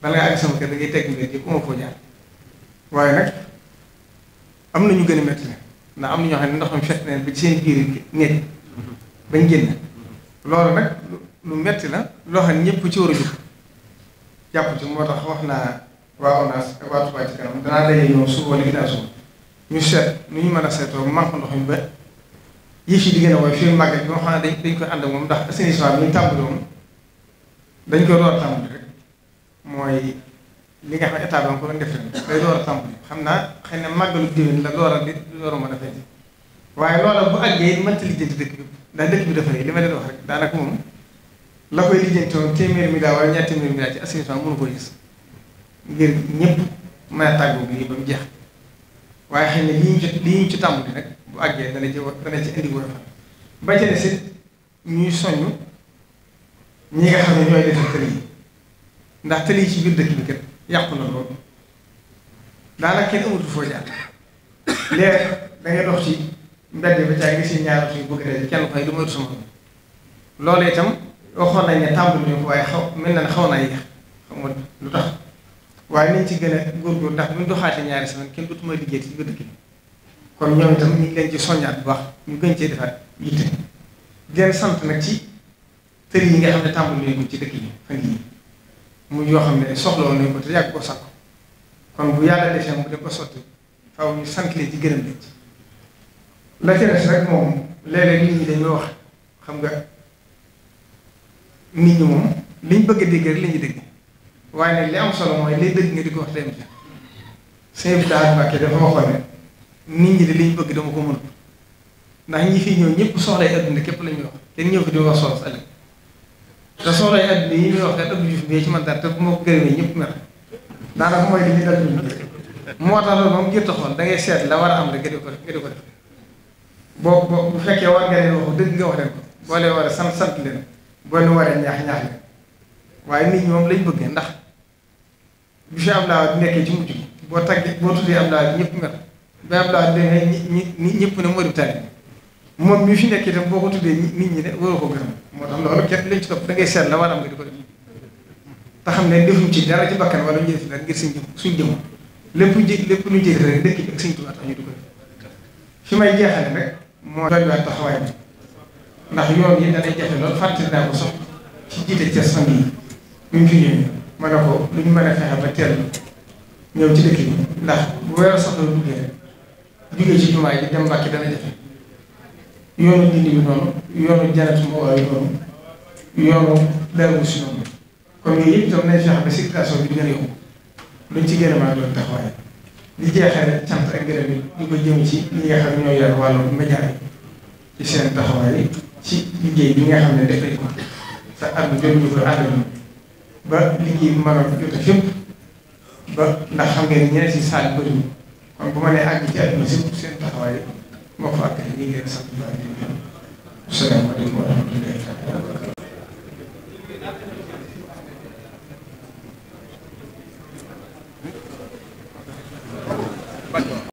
bala ngaa àgg sama kër da teg mbir ji ku waaye am na ñu gën ne na ñoo xam ne ndox mi fekk nañ ci seen biir néeg bañ génn loolu nag lu metti la loo xam ne ci war a jóg jàpp ci moo tax wax naa waa ONAS ak waa Touba ci kanam danaa daje ñoom suba wala ginnaaw suba ñu seet nu ñu mën a seetoo man ko ndox mi ba yëf yi di gën a woy fii màggal a nga xam dañ koy ànd moom ndax assainissement bi ñu tàmbali woon dañ koy door a tàmbali rek mooy li nga xam ne état bi ko doon def ren day door a naa xëy na màggalu déwén la door a di door a mën a feeñ waaye loola bu àggee mënta lijjanti dëkk bi ndax dëkk bi dafa rëy li ma leen wax rek daanaka moom la koy lijjanti woon téeméer mi daa wala ñaar téeméer mi daa ci assainissement mënu ko gis ngir ñëpp mën a tàggoo bi ba mu jeex waaye xëy na li ñu ci li ñu ci tàmbali nag bu àggee dana ci dana ci indi woyofal ba ca des ñuy soññ ñi nga xam ne ñooy defar tëli yi ndax tëli yi ci biir dëkk bi kat yàqu na lool daanaka kenn amatu foo jaar léegi da dox ci mbedd ba àgg gis ñaar suñu bëgg daje kenn koy du moytu sama loolu itam waxoon nañ ne tàmbali ñu ko waaye xaw mel na ne xaw naa yéex xam nga lu tax. waaye nañ ci gën a góorgóor ndax bu ñu doxaatee ñaari semaine kenn dootuma liggéey ci biir dëkk bi kon ñoom tam ñu ngi leen ci soññaat bu baax ñu gën cee defaat yitte gën sant nag ci tër yi nga xam ne tàmbali nañ ci dëkk yi fan yii mu yoo xam ne soxla woon nañ ko te yàgg ko sàkk kon bu yàlla defee mu dem ko sotti faw ñu sant leen ci gërëm leen ci la ca des rek moom léeg nit ñi dañuy wax xam nga nit ñi moom liñ bëgg a dégg rek la وأنا اللي أمسلو ما اللي بدي نريك وحدهم جا سيف تعرف ما كده فما خير نيجي للي بدي دمك مر نهني في نيو نيو كسر أيد من كيف لين يروح تاني يوم فيديو كسر أصلا كسر أيد من يروح كده بيجي بيجي من ترى تبغى مو كده من يوم مر نارا ما يجي لي كده مو أتارو نام كده تخل ده يصير لوار أمر كده كده كده كده بوك بوك بفكر يوار كده يروح دين جوا هم بقول يوار سام سام كده بقول يوار نياح نياح وأني يوم لين بدي نه bi fi Abdoulaye di nekkee ci mujj gi boo tàggee boo tuddee Abdoulaye ñëpp mer ba Abdoulaye da ngay ñi ñëpp ne moo di tànn moom mi fi nekkee tam boo ko tuddee nit ñi de waroo ko gërëm moo tax loolu kenn lañ ci topp da ngay seet la war am nga di ne defuñ ci dara ci bakkan wala ñu def dara suñ jëm suñ jëm lépp jé lépp lu jëlee rek dëkk bi ak suñ tubaab tax ñu di ko def fi may jeexale rek moo ndax yoon yi danay jafe loolu fàttali naa ko sax ci jiite Thiès fan yii ñu ngi fi ñëwee. ma ne ko lu ñu mën a fexe ba teel ñëw ci dëkk bi ndax bu weeroo soxla duggee rek duggee ci jumaa ji dem Mbàkke dana jafe yoonu dindi bi noonu yoonu jaratu mbooloo yi noonu yoonu dara si noonu kon yooyu yëpp itam nañ fexe ba circulation bi gën a yomb luñ ci gën a mën a doon taxawaay li jeexee cant ak gërëm yi ñu ko jëm ci ñi nga xam ne ñoo yor wàllu média yi ci seen taxawaay ci liggéey bi nga xam ne dafay ko te am na ñu ko àndal ba liggéey bi mënoon a jot fépp ba ndax xam ngeen ne ñeneen si saal bëri kon bu ma nee àgg ci àdduna sépp seen taxawaay moo ko àgg ñu ngi leen sant bu baax di leen salaamaaleykum wa rahmatullahi